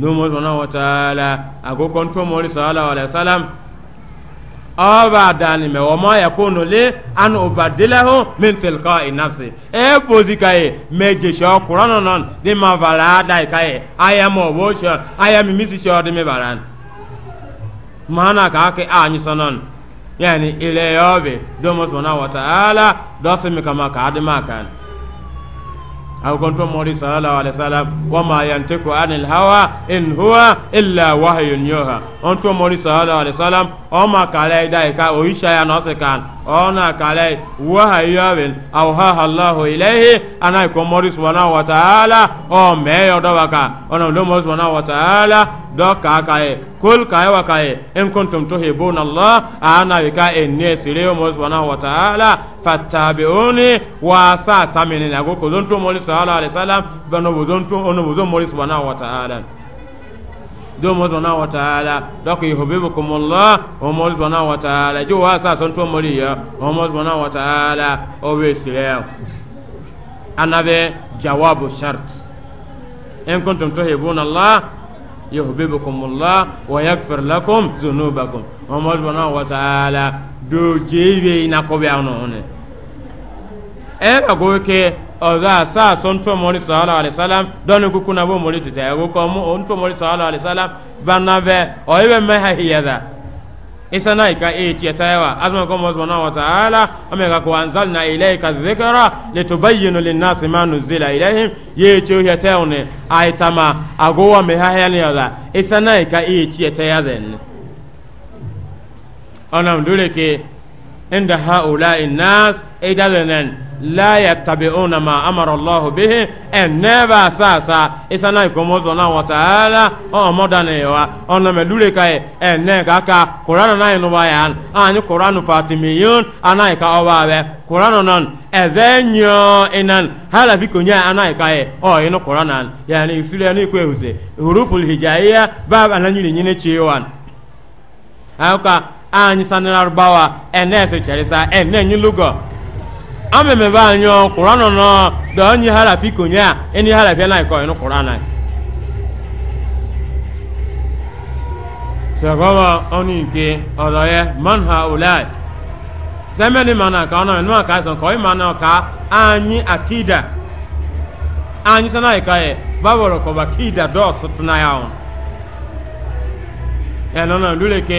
numo subhanahu wa ta'ala ago konto mori sallallahu alaihi wasallam aba dani me wama yakunu li an ho min tilqa'i nafsi e bozi kai me je sho qur'an non de ma vala dai kai aya mo bo sho aya mi misi sho de me baran mana ka ke anyi sanon yani ile yobe domo subhanahu wa ta'ala dosimi kama ka adima kan aw konto mori sallallahu alaihi wasallam wa ma yantiku anil hawa in huwa illa wahyun yuha onto mori sallallahu alaihi wasallam o ma kala ida ka o isha ya no se kan ona kale waha yawin aw ha allah ilayhi ana ko mori subhanahu wa ta'ala o me yo do waka ona do mori subhanahu wa ta'ala do ka kae kul kae wa kae in kuntum tuhibuna allah ana wika enne sire mori subhanahu wa ta'ala fattabi'uni wa sa samina go ko don to mori sallallahu alaihi wasallam bano don to ono don mori subhanahu wa ta'ala domo zona wa taala doko yuhibbukum allah o mo zona wa taala jo wa sa son to mori ya o mo zona wa taala o we sile anabe jawabu shart in kuntum tuhibuna allah yuhibbukum allah wa yaghfir lakum dhunubakum o mo zona wa taala do jebe ina ko be anu ne e ba go ke oza saa so ntɔ mɔri sɔɔlɔ alisalam dɔɔni kuku na bo mɔri tete ɛgo kɔ mu o ntɔ mɔri sɔɔlɔ alisalam bana bɛ ɔyi bɛ mɛ hahi yɛ da isa na yi ka e tiɛ ta yɛ wa azuma ko mɔzɔn na wata ala ɔmɛ ka ko anzal na ilayi ka zikara leto bayyinu li naasi ma nu zila ilayhim ye tiɛ yɛ ta yɛ ne a yi tama a ko wa mɛ hahi yɛ da isa na yi ka e tiɛ ta yɛ ɔnam dole ke inda haulai nas idalenen la yattabi'una ma amara Allah bihi and never sasa isana ikomozo na wa ta'ala o modane wa ona melure kai en ne kaka qur'an na inu bayan ani qur'an fatimiyun anai ka obabe qur'an non ezenyo inan hala biko nya anai kai o inu qur'an an yani isule ni kweuze huruful hijaiya baba na nyini nyine anyị sani larubawa ene ese cherisa ene nyulugo ameme ba anyo kuran no do onyi harafi kunya eni harafi na iko enu kuran na sabawa oni ke odoye man haulai sẹ́mẹ́ni mana ka ọ̀nà ìnú àká sàn kọ́ ìmàna ọ̀ka anyi akida anyi sẹ́nà ìka yẹ báwọ̀rọ̀ kọ̀ọ̀bà kida dọ́ọ̀sì tún náà yà wọn. ẹ̀ lọ́nà lórí ke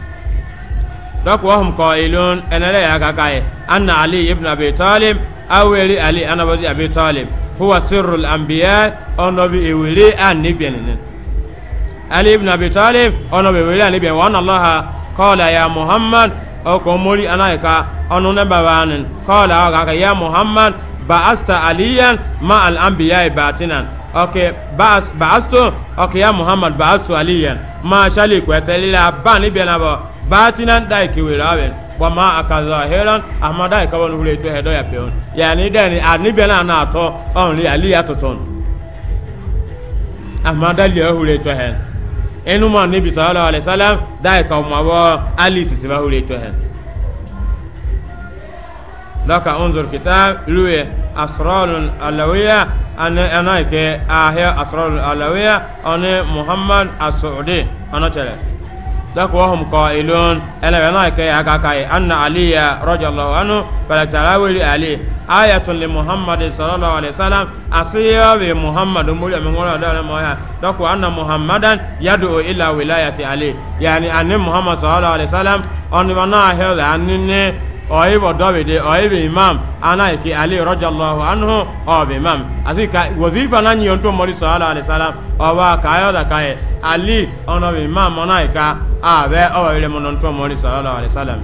dɔk wahum qailun enele ya kakaye anna ali ibn abi talib aweli ali anabazi abi talib huwa sirru al-anbiya onobi eweli anibiyanine ali ibn abi talib onobi eweli anibiyan wa anna allaha qala ya muhammad oko mori anayka onune babanin qala akaka ya muhammad ba'asta aliyan ma al-anbiya batinan okay ba'as ba'astu okay ya muhammad ba'astu aliyan ma shali kweteli la bani biyanabo batinan dai kiwirawe wa ma aka zahiran amma dai ka wani hure to hedo ya peon yani dani anibe na na to only ali atoton. to ton amma dai ya hure to hen enu ma nabi sallallahu alaihi wasallam dai ka ma wa ali si ba hure to hen laka unzur kitab luye asrarul alawiya ana ana ke ahya asrarul alawiya ane muhammad as-suudi ana tare ذاك وهم قائلون ألا بناك يا كاكاي أن علي رضي الله عنه فلتراوي علي آية لمحمد صلى الله عليه وسلم أصير بمحمد مولى من ولا دار مويا ذاك أن محمدا يدعو إلى ولاية علي يعني أن محمد صلى الله عليه وسلم أن بناه هذا أنني oyibo dɔbide oyibo imam ana ike ali rɔjallahu anhu ɔbi imam asi ka wazifa na nyiyon to mori sɔhala alisalam ɔba kaayɔ da kaayɛ ali ɔnɔbi imam ɔna ika abɛ ɔba wele mɔnɔ to mori sɔhala alisalam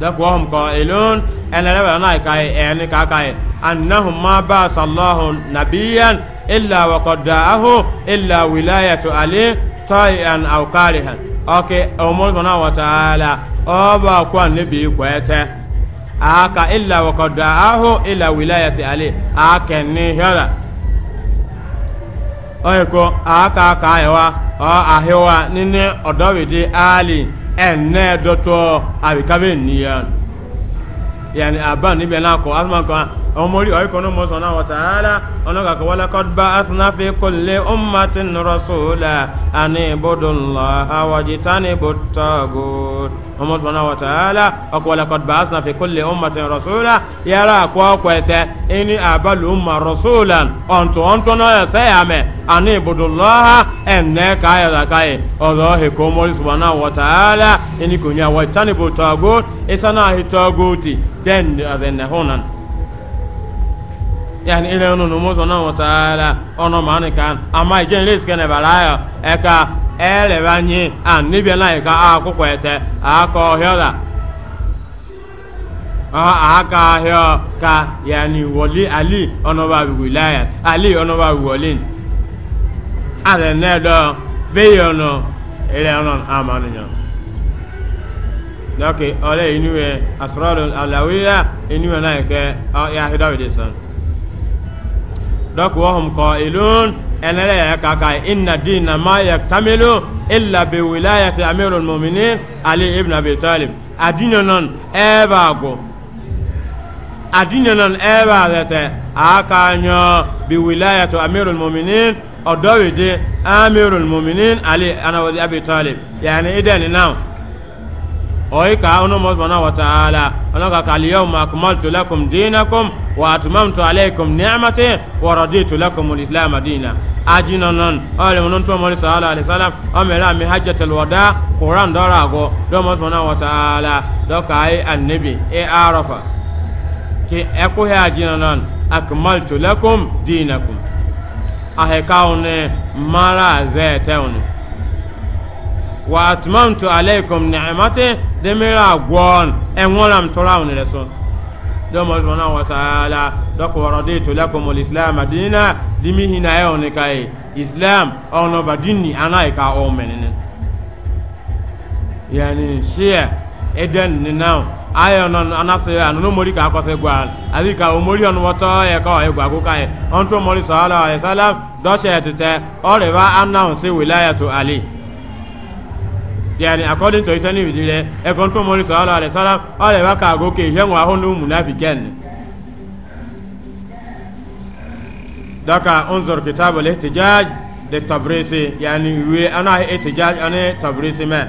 dakuwahum kɔ ilun ɛnɛrɛbɛ ɔna ika ɛni ka kaayɛ annahum ma baasa allahu nabiyan illa wakɔdaahu illa wilayatu ali taian aw karihan oke omol bona wa taala oba kwa nabi kwete aka illa wa qad da'ahu ila wilayati ali aka ni hala oyeko aka aka aywa o ahiwa nini odowidi ali enne doto abikabe niyan yani aban ni benako asman kan ọmọrí ọ̀ẹ́kọ̀ọ́nù mọ̀sánná wàtàhálà ọlọ́gàkọ̀ wọlé kọ́dùbá asúnáfẹ́ kọ́lé ọmọtí nírọ̀sọ́lá àní ibùdóńlá àwọ̀jì tani bùtọ́gù ọmọsánná wàtàhálà ọkọ̀ wọlé kọ́dùbá asúnáfẹ́ kọ́lé ọmọtí nírọ̀sọ́lá yàrá àkọ́kọ́ ẹ̀tẹ́ ẹni àbálù ọmọ rọ̀sọ́lá ọ̀ntọ́ ọ̀ntọ́ náà ẹ̀sẹ̀ yàmẹ̀ àní ibùdóńlá ẹ̀nẹ́ káyàdàkáyè ọ̀dọ́ ẹ̀kọ́ mọ́rí sùgbọ́nà wàtàhálà ẹni kò ní àwọ̀jì tani bùtọ́gù ẹ̀sán náà hìtọ́gù ti dẹ́n ẹ̀nẹ́ hónan. yani ile onu no mozo na wataala ono mani kan ama ijen le skene balaya eka ele banyi an ni na eka aka ka yani wali ali ono ba wilaya ali ono ba wolin ale ne do beyono ile ono amani nyo dɔk wɔhum kɔilun ɛnɛrɛ yɛ kaka inna diina ma yaktamilu illa bi wilayati amiru lmuminin ali ibn abi talib adiɲɛ nɔn ɛɛbaa go adiɲɛ nɔn ɛɛbaa zɛtɛ aa kaa nyɔ bi wilayati amiru lmuminin ɔdɔwi di amiru ali anawazi abi talib yaani idɛni naw oika ono mo subhanahu wa ta'ala ono ka kal yawma akmaltu lakum dinakum wa atmamtu alaykum ni'mati wa raditu lakum al-islam dina ajina non ole mo nonto mo sallallahu alaihi wasallam o me ra mi hajjatul wada quran dora go do mo subhanahu wa ta'ala do kai annabi e arafa ki e ko he ajina non akmaltu lakum dinakum ahe kaune mara zetewne wa atmamtu alaykum ni'mati demira gwon enwolam torawo ni reso e domo subhanahu wa ta'ala doko waraditu lakum alislam dina dimihi na yo e ne kai e. islam ono badini anai ka o menene yani shia eden ni now ayo non anase anu no mori ka ko se gwa ali ka o mori onu woto e ka e gwa ko kai on to mori sala e salam do se tete o re ba announce wilayatu ali yani according to isani bidile e kon to mori sallallahu alaihi wasallam ale wa ka go ke yan wa honu munafiqan daka unzur kitab al-ihtijaj de tabrisi yani we ana ihtijaj ana tabrisi ma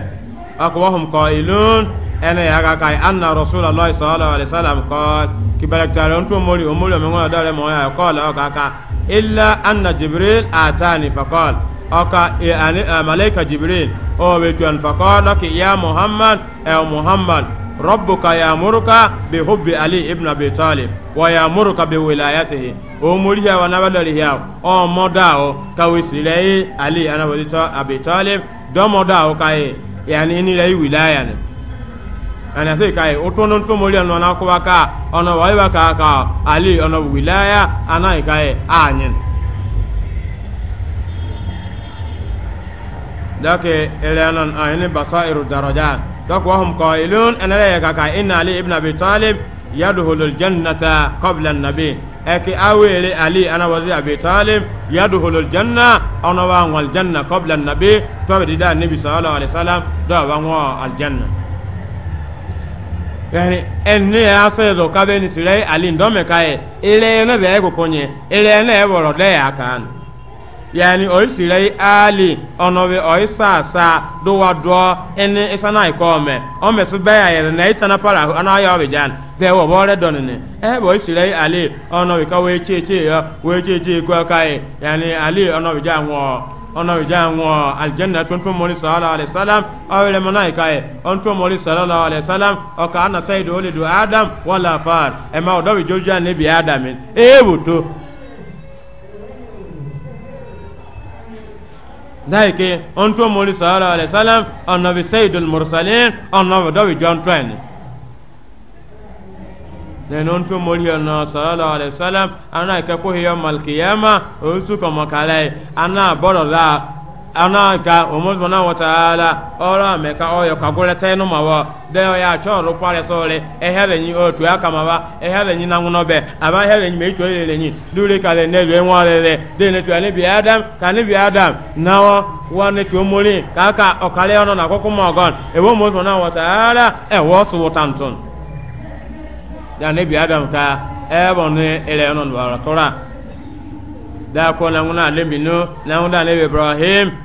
aqwahum qailun ana ya ga kai anna rasulullah sallallahu alaihi wasallam na kibaraktaron to mori o mori o me ngona dare mo ya qala o ka ka illa anna jibril atani faqala ọka e, e, malaika jibril o be tuan fakọọlọ ki ya muhammad ẹ e, muhammad rọbùka ya muruka bi hubbi ali ibn abi talib wa ya muruka bi wilayatihi o muri ya wa nabada ri ya o mo da o ka wisire yi ali anabadi abi talib do mo o ka yi yani ni rai wilaya ne ana sai kai o to non to muri an na ko ka ona wa ka ka ali ona wilaya ana kai anyin dake eleanan ahini basairu darajat dok wahum qailun enele kaka inna ali ibn abi talib yadkhulul jannata qabla an-nabi eki awele ali ana wazi abi talib yadkhulul janna ana wa wal janna qabla an-nabi to be dida nabi sallallahu alaihi wasallam do wa wa al janna yani enne ya se do ka be ni sire ali ndome kae ile ne be ko konye ile ne e woro de akan yani oyi sirai ali onobe oyi sa dowa do ene isana ikome o me ya beya yele na itana para ana ya obi jan de wo bore donene e bo oyi sirai ali onobe ka we cheche yo we cheche kwa kai yani ali onobe jan wo ọ̀nà ìjà àwọn aljanna tó ń tún mọ́lí sọ́ọ́lá alẹ́sálàm ọ̀rẹ́ mọ́nà ìka ẹ̀ ọ̀n tún mọ́lí sọ́ọ́lá alẹ́sálàm ọ̀ka ànà sẹ́yìn olè do adam wọ́n làfàr ẹ̀ máa ọ̀dọ́ ìjọ́jú àníbi adam ẹ̀ ẹ̀ daike on to mori sallallahu alaihi wasallam annabi sayyidul mursalin annabi dawi john twain den on to mori anna sallallahu alaihi wasallam ana ka ko hiya mal qiyama o su ko makalai ana boro la ana ka umuzmana wa ta'ala ora me ka oyo ka gure tenu mawa de ya choro pare sole e hele nyi otu aka mawa e hele nyi na nguno be aba hele nyi me choro hele nyi dure ka le ne be nwalele de ne tuane bi adam ka ne bi adam nawo wa ne tu muri ka ka okale ono na kokuma ogon e wo umuzmana wa ta'ala e wo su wotantun da ne bi adam ka e bonne ele ono ndwara tora da ko na nguna lebinu na nguna lebe ibrahim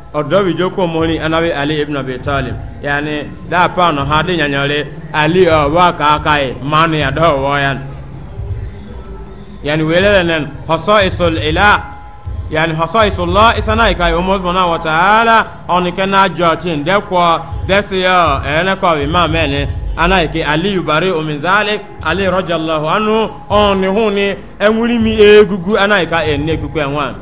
ọdọbi joko moni anabi ali ibn abi talib yani daa paano ha di nyanyare ali ọba kaakai e, maanu ya dọọ wọyan yani weelele nen hoso isul ila yani hoso isul lọ isana ikai umuz mona wa taala onike na jọchin dekwa desiyo ene kwa bi ma meni ana ike ali yubari umin zalik ali rajallahu anhu oni huni enwuri mi egugu ana ika enne egugu enwan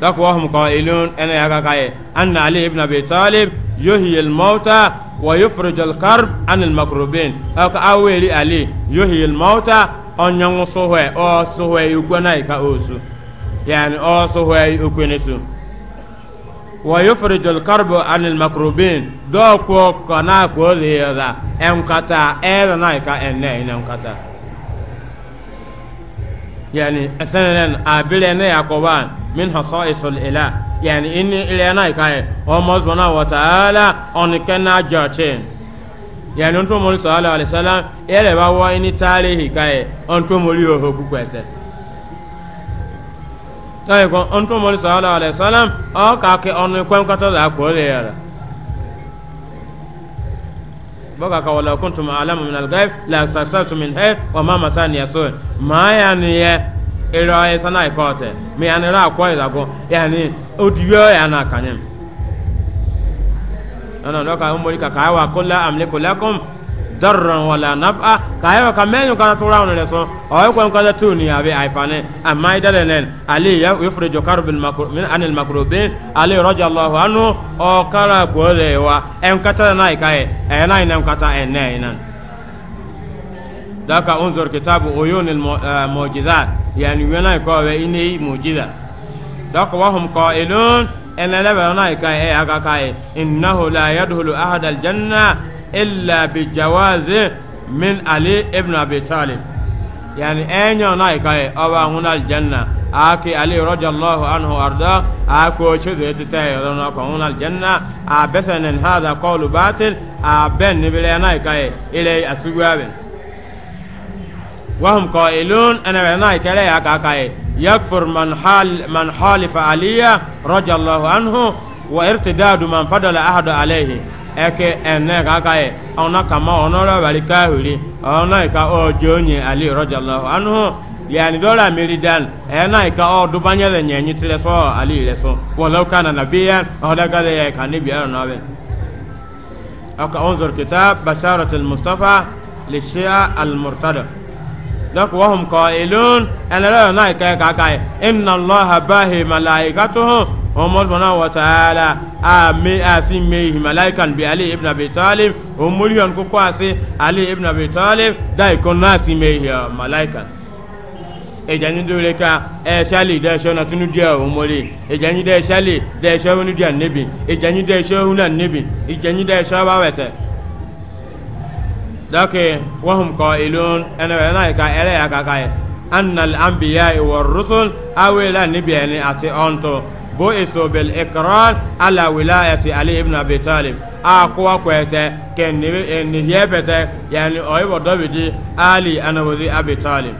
dako wahum qailun ene yaga kaye anna ali ibn abi talib yuhyi al mauta wa yukhrij al karb an al makrubin aka aweli ali yuhyi al mauta onyangu sohwe o sohwe yugona ka osu yani o sohwe yukwenesu wa yukhrij al karb an al makrubin doko kana ko leza enkata era na ka enne ina enkata yani asanan abire ne yakoban min hasaisul ila yani inni na kai o oh, mo subhanahu wa ta'ala on kana jache yani onto mo sallallahu alaihi wasallam ele oh, wa ini tarihi kai onto mo ri oho kukwete tayi ko onto mo ka yara boka ero esa na ikote mi yani ra kwa ila ya na odiyo ya na kanem ana loka umuri ka kai wa kullu amliku lakum darran wala naf'a kai wa kamen ka tura on na o ko ko da tuni abi aifane na idalenen ali ya yufriju karbil makrub min anil makrubin ali radiyallahu anhu o kara golewa en kata na ikai e, e na ina kata en na ina daka unzur kitabu uyun almu'jizat eh, yani wena ko we ini mu'jiza daka wahum qailun en la ba na ka e eh, aka ka e innahu la yadkhulu ahad aljanna illa bi jawaz min ali ibn abi talib yani enyo na ka e aba huna aljanna aki ali radiyallahu anhu arda ako chude tita yona ko huna aljanna abathan hadha qawlu batil aben bi la na ka e وهم قائلون أنا بنا كلا يا كاكاي يكفر من حال من حالف عليا رضي الله عنه وارتداد من فضل أحد عليه eke ene kaka ye ona kama onora bali kahuri ona ka o jonye ali radiyallahu anhu yani dola miridan ena ka o dubanye le nyenyi tile so ali le so wala kana nabiya oda kale ye kanibi ara nabe aka unzur kitab basharat al mustafa للشيعة المرتدى donc wahum qailun enere na ike kakai inna allaha bahi malaikatuhu umar subhanahu wa ta'ala ami asi mehi malaikan bi ali ibn abi talib umuriyon ku kwasi ali ibn abi talib dai konna si mehi uh, malaikan ejanyi dole ka e shali da sho na tunu dia umuri ejanyi da shali da sho nu dia nebi ejanyi da sho na nebi ejanyi da sho ba wete dake wahum qailun ana ana ka ere ya ka kai anna al anbiya wa rusul awela nibiyani ati onto bo iso bil ikrar ala wilayati ali ibn abi talib a kuwa kwete ken ni yebete yani oyibo dobidi ali anabozi abi talib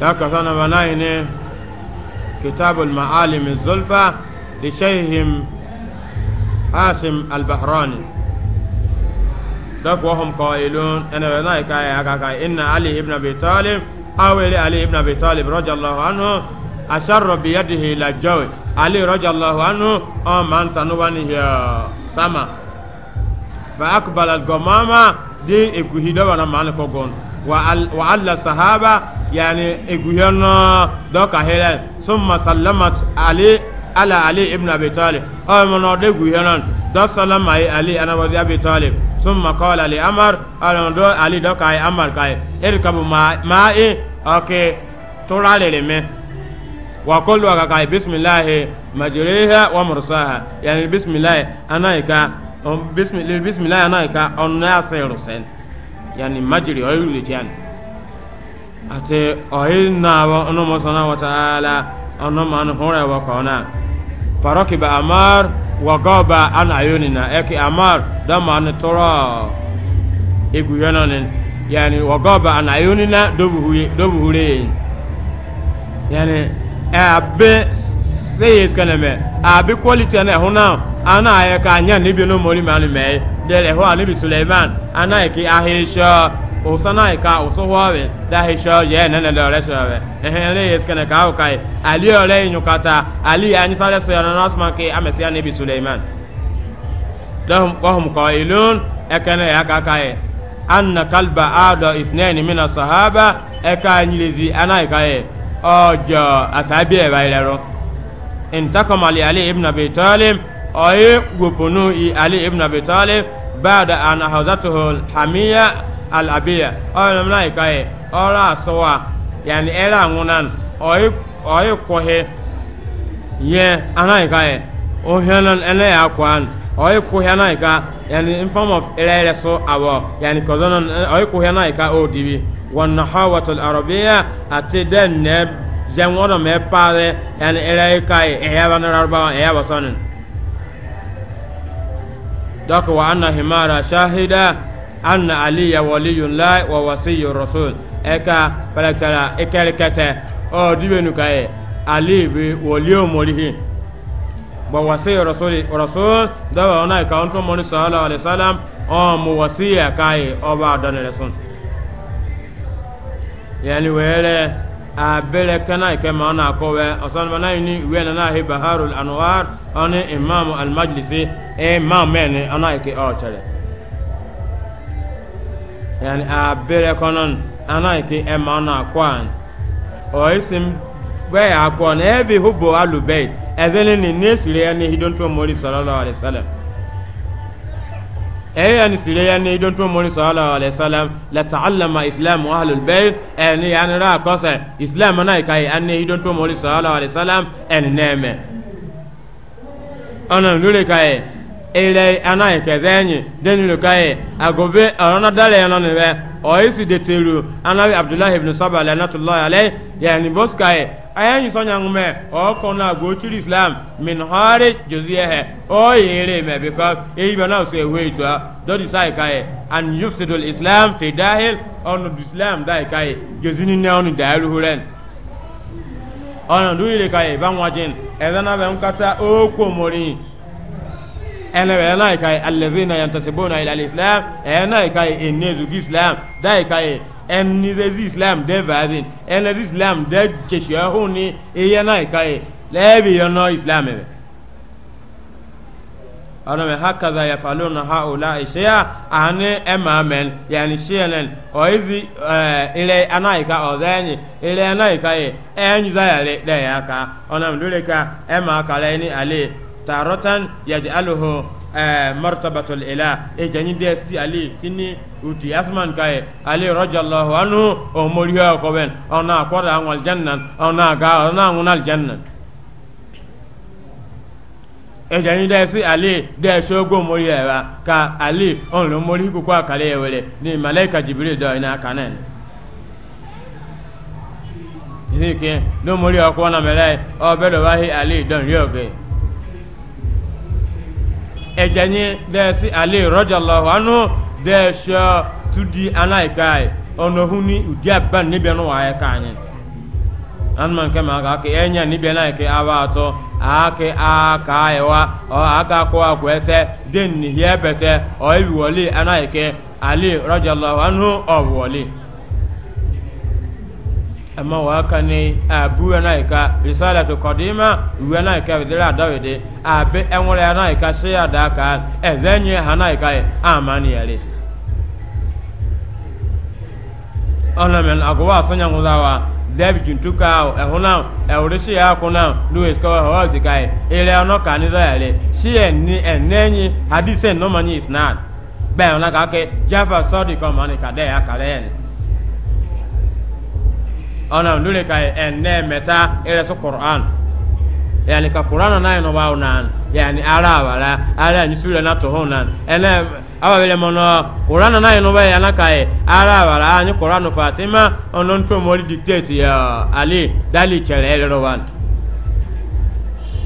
daka sana banayi ne كتاب المعالم الزلفى لشيخهم قاسم البحراني dɔk wahum qailun ɛnɛ bɛ naa kaa yaa kaa kaa inna ali ibn abi talib awele ali ibn abi talib rajallahu anhu asharra biyadihi la jawi ali rajallahu anhu ɔn man tanu wani hiɛ sama fa akbala gɔmama di eguhi dɔba na maani ko gon wa alla sahaba yani eguhi nɔ ka hɛrɛ summa sallamat ali ala ali ibn abi talib aw man ode guhenan da salama ay ali anabi abi talib summa qala li amar alon do ali do kai amar kai irkabu ma ma e okay turale le me wa kullu ka kai bismillah majriha wa mursaha yani bismillah anaika um bismillah bismillah anaika onna asiru sen yani majri oyulu jan ate oyin na wa ono mosana wa ta'ala onu man hore wa kona faroki ba amar wa goba an na eke amar da man tora egu ni yani wa goba an ayunina dobu huye dobu hure yani e abe seyes kaname abi quality na huna ana ayaka anya ni bi no mori manu me dele ho ani bi suleiman ana eki ahisha osana ka osohowe da hisho ye nene le ore showe ehe le yeskene ka ukai ali ore nyukata ali ani sale so yana nasman ke amesiya nabi suleiman lahum qahum qailun ekene ya ka kai anna kalba ada ithnain min asahaba eka nyilezi anai kai ojo asabi e bailero intakam ali ali ibn abi talib oye goponu i ali ibn abi talib بعد أن أخذته الحمية al-abiya ọyọ m na yi e, ọrọ asọwa yani ẹrẹ anwunan ọyị kwọhe yẹ ana ika yi e. ohianan ẹnẹ ya kwan ọyị kwọhe ana ika yani na form of ẹrẹ ẹrẹ so awọ yani kọzọnan ọyị kwọhe ana ika o dibi wọn na ha wọtọl ati na jẹun ọdọ mẹ paale yani ẹrẹ yi ẹyẹ ẹyẹ shahida anna aliya waliyun la wa wasiyu rasul eka palakala ikerikete o dibenu kaye ali bi waliyo molihi wa wasiyu rasul rasul dawa ona ka onto moni sallallahu alaihi wasallam o mu wasiya kaye o ba dan rasul yani wele abere kana ke ma na ko we osan ma nay ni we na hi baharul anwar oni imam al majlisi imam men ona ke o tere yani a bere konon ana ke e ma na kwan o isim we ya ko na e bi hubo alu bait e zene ni ne sire ya ni hidon to mori sallallahu alaihi wasallam e ya ni sire ya ni hidon to mori sallallahu alaihi wasallam la ta'allama islam wa ahlul bait e ni yani ra ko se islam na kai an ni hidon to mori sallallahu alaihi wasallam en neme ana lule kai ele ana ekeze enyi denilu kaye agobe arona dale yana ne be o isi de ibn saba lanatullah alay yani boskaye ayanyi sonya islam min hare juziyehe o yere me because e be na se we to do di sai e kaye islam fi dahil on islam dai e kaye ene be na kai allazina yantasibuna ila alislam ene kai islam dai kai enni ze islam de vazin ene islam de cheshi huni eye na kai lebi yono islam be ana me hakaza yafaluna haula shia ane emamen yani shienen oizi eh, ile anaika ozenyi ile anaika enyi zayale deyaka ona mduleka ema kaleni ali taratan yaj'aluhu eh, martabatul ila e eh, jani de si ali tini uti asman kai ali radiyallahu anhu o oh, moriya ko ben ona oh, ko da wal jannan ona oh, ga ona ngunal jannan e eh, jani de si ali de shogo moriya wa ka ali on lo mori ko kwa kale wele ni malaika jibril do ina kanen ni ke no moriya ko na mele o be do wahi ali don yoge ejenyi desi ali radiyallahu anhu desha tudi anaikai ono huni udi aban ni benu wa ka anyi an nke kama aka ke enya ni bena ke ato a aka ewa o aka ko akwete den ni yebete o iwoli anaike ali radiyallahu ọ o woli amma wa ka ne a buya na ka risala to qadima buya na ka bi dira da wede a be enwere na ka se ya da ka e zenye ha na ka e, amani yare ona men agwa sonya ngulawa debi juntuka ehuna eurisi ya kuna luis ko e, hozi kai e, ile ono kaniza yale si enni enenyi hadise no manyi isnan be ona ka ke java sodi ko manika de ya kalen ona ndule ka enne meta ere so qur'an yani ka qur'an na ino bawo nan yani araba la ala ni sura na to honan ene awa bele mono qur'an na ino bawo yana kai araba la ni qur'an fatima onon to mori dictate ya ali dali chere ere rowan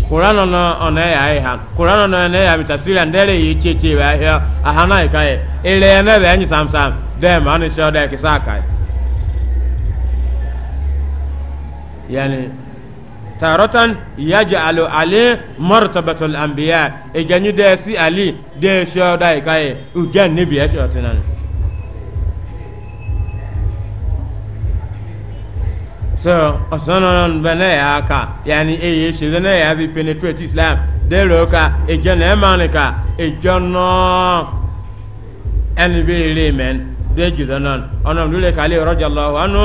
kurano na ona ya iha kurano na ona ya mitasira ndele yi cheche ba ya ahana ikaye ile ene be anyi samsam dem anu de kisaka yani taratan yaj'alu ali martabatul anbiya e ganyu de si ali de sho dai kai u gan ne bi e sho tinan so asanan bana ya ka yani e ye shi ne ya bi penetrate islam de roka ka e gan e man ka e jono en bi re men de jidanan onon dule kali radiyallahu anhu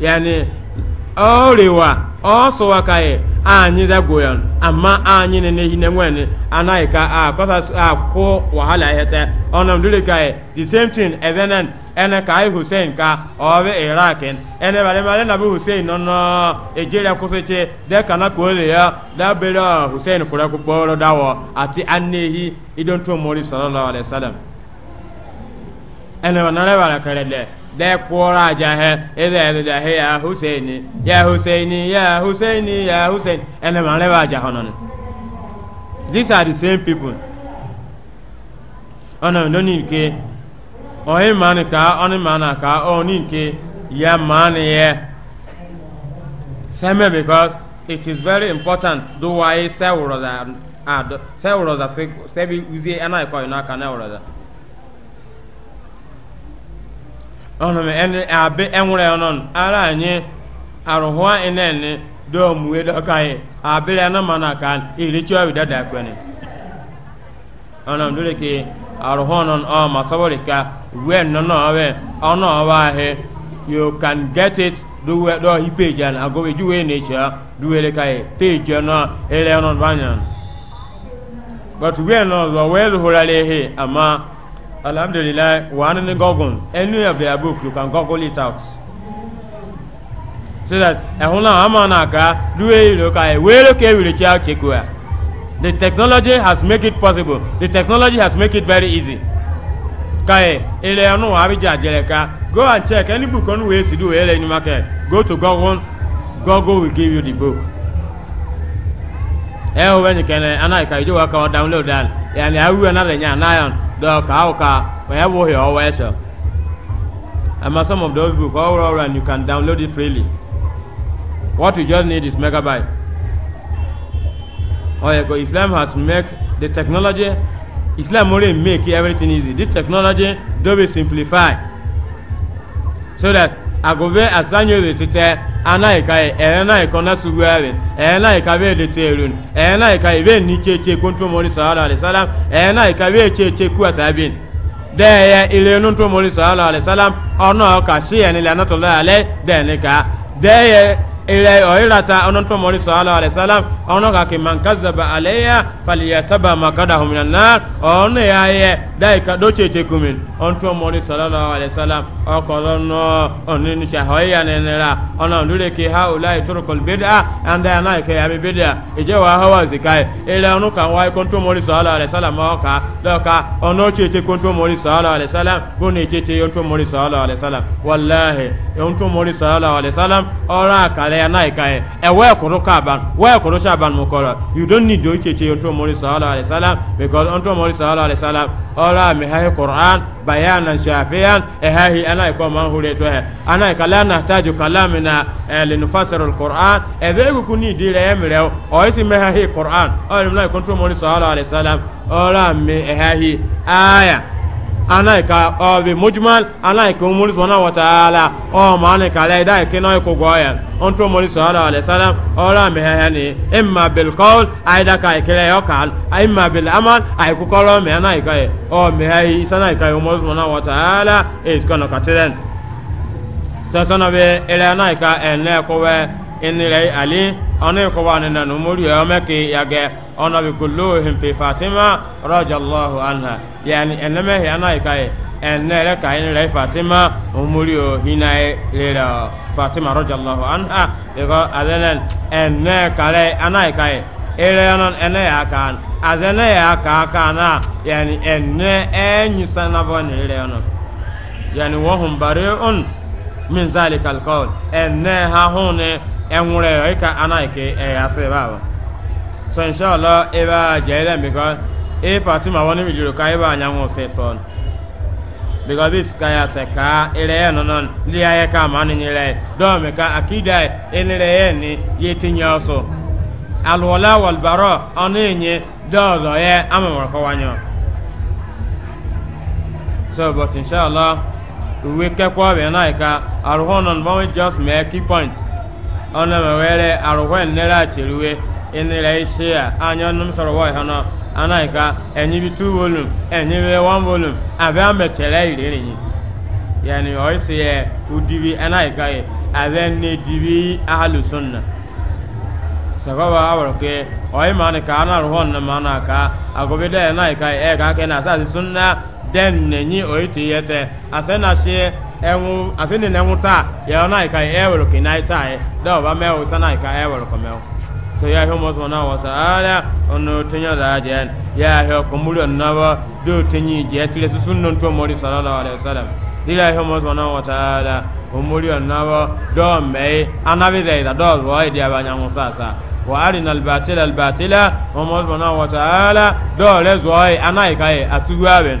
yani orewa ọsụwa ka anyị anyị dagoyan amma anyị ne ne hine nwen anaghị ka a kọsa akụ wahala hete ọnọm dure ka the same thing evenan ene ka anyị hussein ka ọrụ iraq ene bale male na bụ hussein nọ nọ ejeria kwụsịchị de ka na ka ole ya dabere hussein kwụrụ akwụkwọ dawọ ati anehi idontu mori sallallahu alaihi wasallam ene wa nare wa kare de de kwụọrọ aja ha ịza ịza ha ya huseini ya huseini ya huseini ya huseini ene ma nrebe aja ha nọ these are the same people ọ nọ oh, n'oni nke onye oh, ma ni ka onye oh, ma na ka oni nke ya ma ni ya same because it is very important do why sewụrụ da adọ sewụrụ da sebi uzie anaghịkwa ọyụ n'aka na ewụrụ da ọnụ m ẹni ara anyị aruhuwa ịnẹni dọọ muwe dọka yi abịrị ẹnụ ma na kan iri chọọ dada kwene ọnụ m ke arụhụa nọn ọ ma ka wee nọ n'ọbẹ ọnụ you can get it duwe dọọ hi peji ana agụ eju wee na-eche duwere ka yi peji ọnụ ere but wee nọ ọzọ wee lụhụrara ama alhamdulillah one in gogun any of their book you can google it out so that ehunla ama na ka duwe ilo ka ewere ka ewere chi acheku ya the technology has make it possible the technology has make it very easy ka e ile anu abiji ajere ka go and check any book on wey si do ele in market go to google google will give you the book eh when you can anai ka ijo ka download that yani awu na le nya na yon dɔw ka aw ka o ɔwɔ ɛsɛ ama some of those books all over and you can download it freely what you just need is megabyte oye oh, ko islam has make the technology islam only make everything easy this technology do be simplified so that agobe asanyo de tete anai kai enai e kona suguare enai ka be de terun enai ka be ni cheche kontu moni sala alayhi salam enai ka be cheche ku asabin de ya ile nun to moni sala alayhi salam ono ka shi enile anatola ale de ilẹ̀ ọ̀hírata ọ̀nọ́tọ́ mọ́rí sọ́ọ́lá alẹ́sálàm ọ̀nọ́gà kì máa ń kázàbà àlẹ́yà fàlìyàtàbà màkàdà òmìnira náà ọ̀nà ya yẹ dáìka dókèèkè kùmìn ọ̀ntọ́ mọ́rí sọ́ọ́lá alẹ́sálàm ọkọ̀lọ́ náà ọ̀nà níṣà ọ̀yà nìyẹnira ọ̀nà lórí kì ha ọ̀là ìtòròkọ̀lù bẹ́dà ẹ̀ndà náà ìkẹ́ yàmi bẹ́dà ìjẹ́ wà hàwà zikai ilẹ̀ ọ̀nù kan wáyé kọ́ntọ́ mọ́rí sọ́ọ́lá alẹ́sálàm ọ̀ka lọ́ka ọ̀nà òkèèkè kọ́ntọ́ mọ́rí sọ́ọ́lá alẹ́sálàm gbọ́nà ìkẹ́kẹ́ ya nai kai e. e we kuru kaban we kuru shaban mu koro you don't need do cheche onto mori sallallahu alaihi wasallam because onto mori sallallahu alaihi wasallam ora mi hay qur'an bayanan shafiyan e hahi ana ko man hure to he ana kala na taju kalamina li nufassiru alquran e be e ku ni dire emre o isi me hahi qur'an o mi na ko onto mori sallallahu alaihi wasallam ora mi e hahi aya ana ka obi mujmal ana ka umuri subhanahu wa ta'ala o ma ana ka la ida ke noy ko goya on to muri sallallahu ala wasallam ora me ha ni imma bil qawl aida ka ke le yokal imma bil amal ay ku koro me ana ka o me ha isana ka umuri subhanahu wa ta'ala be ele ana ka enne ko we inilai ali ɔne kɔba ne na numuri ɔmɛ ke yagɛ ɔna bi kullu himfi fatima rajallahu anha yani ɛnɛmɛ hi ana yi ka ye ɛnɛ yɛrɛ ka yin lɛ fatima umuri o hina ye lera fatima rajallahu anha ɛkɔ azɛnɛ ɛnɛ kalɛ ana yi ka ye ere yɔnɔ ɛnɛ y'a kan azɛnɛ y'a kan kan yani ɛnɛ ɛnyisanabɔ e ne ere yɔnɔ yani wɔhun bari un min zalika alkaul ɛnɛ ha ne enwure yo ka ana ke e ahụ. so so inshallah e ba jere because e fatima woni mi jiro kai ba anyanwo seton because this kaya e se ka ire no ndị ahịa ka mani ni re do me ka re ni yetinyo so alwala wal bara onenye do do ye amamor ko wanyo so but uwe ka just make key points ona ma were arwen nera chiriwe inire ise a anya num soro wa hono anaika enyi bi two volume enyi bi one volume abe ametere ire ni yani o ise ye udibi anaika ye abe ne dibi ahlu sunna sababa awar ke ọ ịma mani ka ana ruhon na mana ka agobe da anaika e ka ke na sa sunna den ne ni oyi tiyete na she ɛŋu asene na ɛŋu taa yɛrɛ naa ika ɛwɛrɛ kina yi taa yɛ dɔw ba mɛwò sani ika ɛwɛrɛ kɔmɛw so ya hiyo mwazo na wa saala ono tinya da jen ya hiyo kumuli onawa do tinyi je tile susunno nto mori sallallahu alaihi wasallam dila hiyo mwazo na wa saala kumuli onawa do mei anabi zaida do wa idia banyangu sasa wa arina albatila albatila wa mwazo na wa saala do lezo ai anai kai asuwaben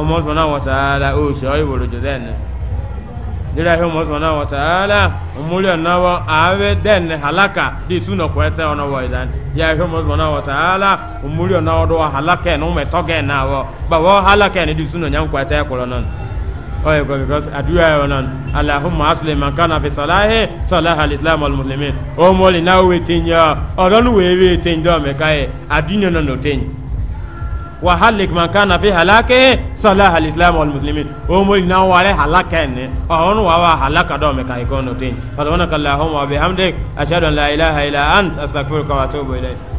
ọmọ sọ̀nà wọ̀tàálà oṣù ọ̀yìnbòrò jù dẹ́ni dira ihe ọmọ sọ̀nà wọ̀tàálà ọmọlẹ́ ọ̀nàwọ̀ ààrẹ dẹ́ni halaka di ìsúná kọ́ ẹ̀tẹ́ ọ̀nà wọ̀ ìdán ya ihe ọmọ sọ̀nà wọ̀tàálà ya ọ̀nàwọ̀ dọ̀wọ̀ halaka ẹ̀ nùmẹ̀ tọ́gẹ̀ náà wọ̀ bàbá ẹ̀ ní oye ko because man kana fi salahi salah alislam islam o moli na o don wa halik man kana fi halake salah al islam wal muslimin o mo ina wa re halaka ne o on wa wa halaka do me kai kono tin subhanakallahumma wa bihamdik ashhadu an la ilaha illa ant astaghfiruka wa atubu ilayk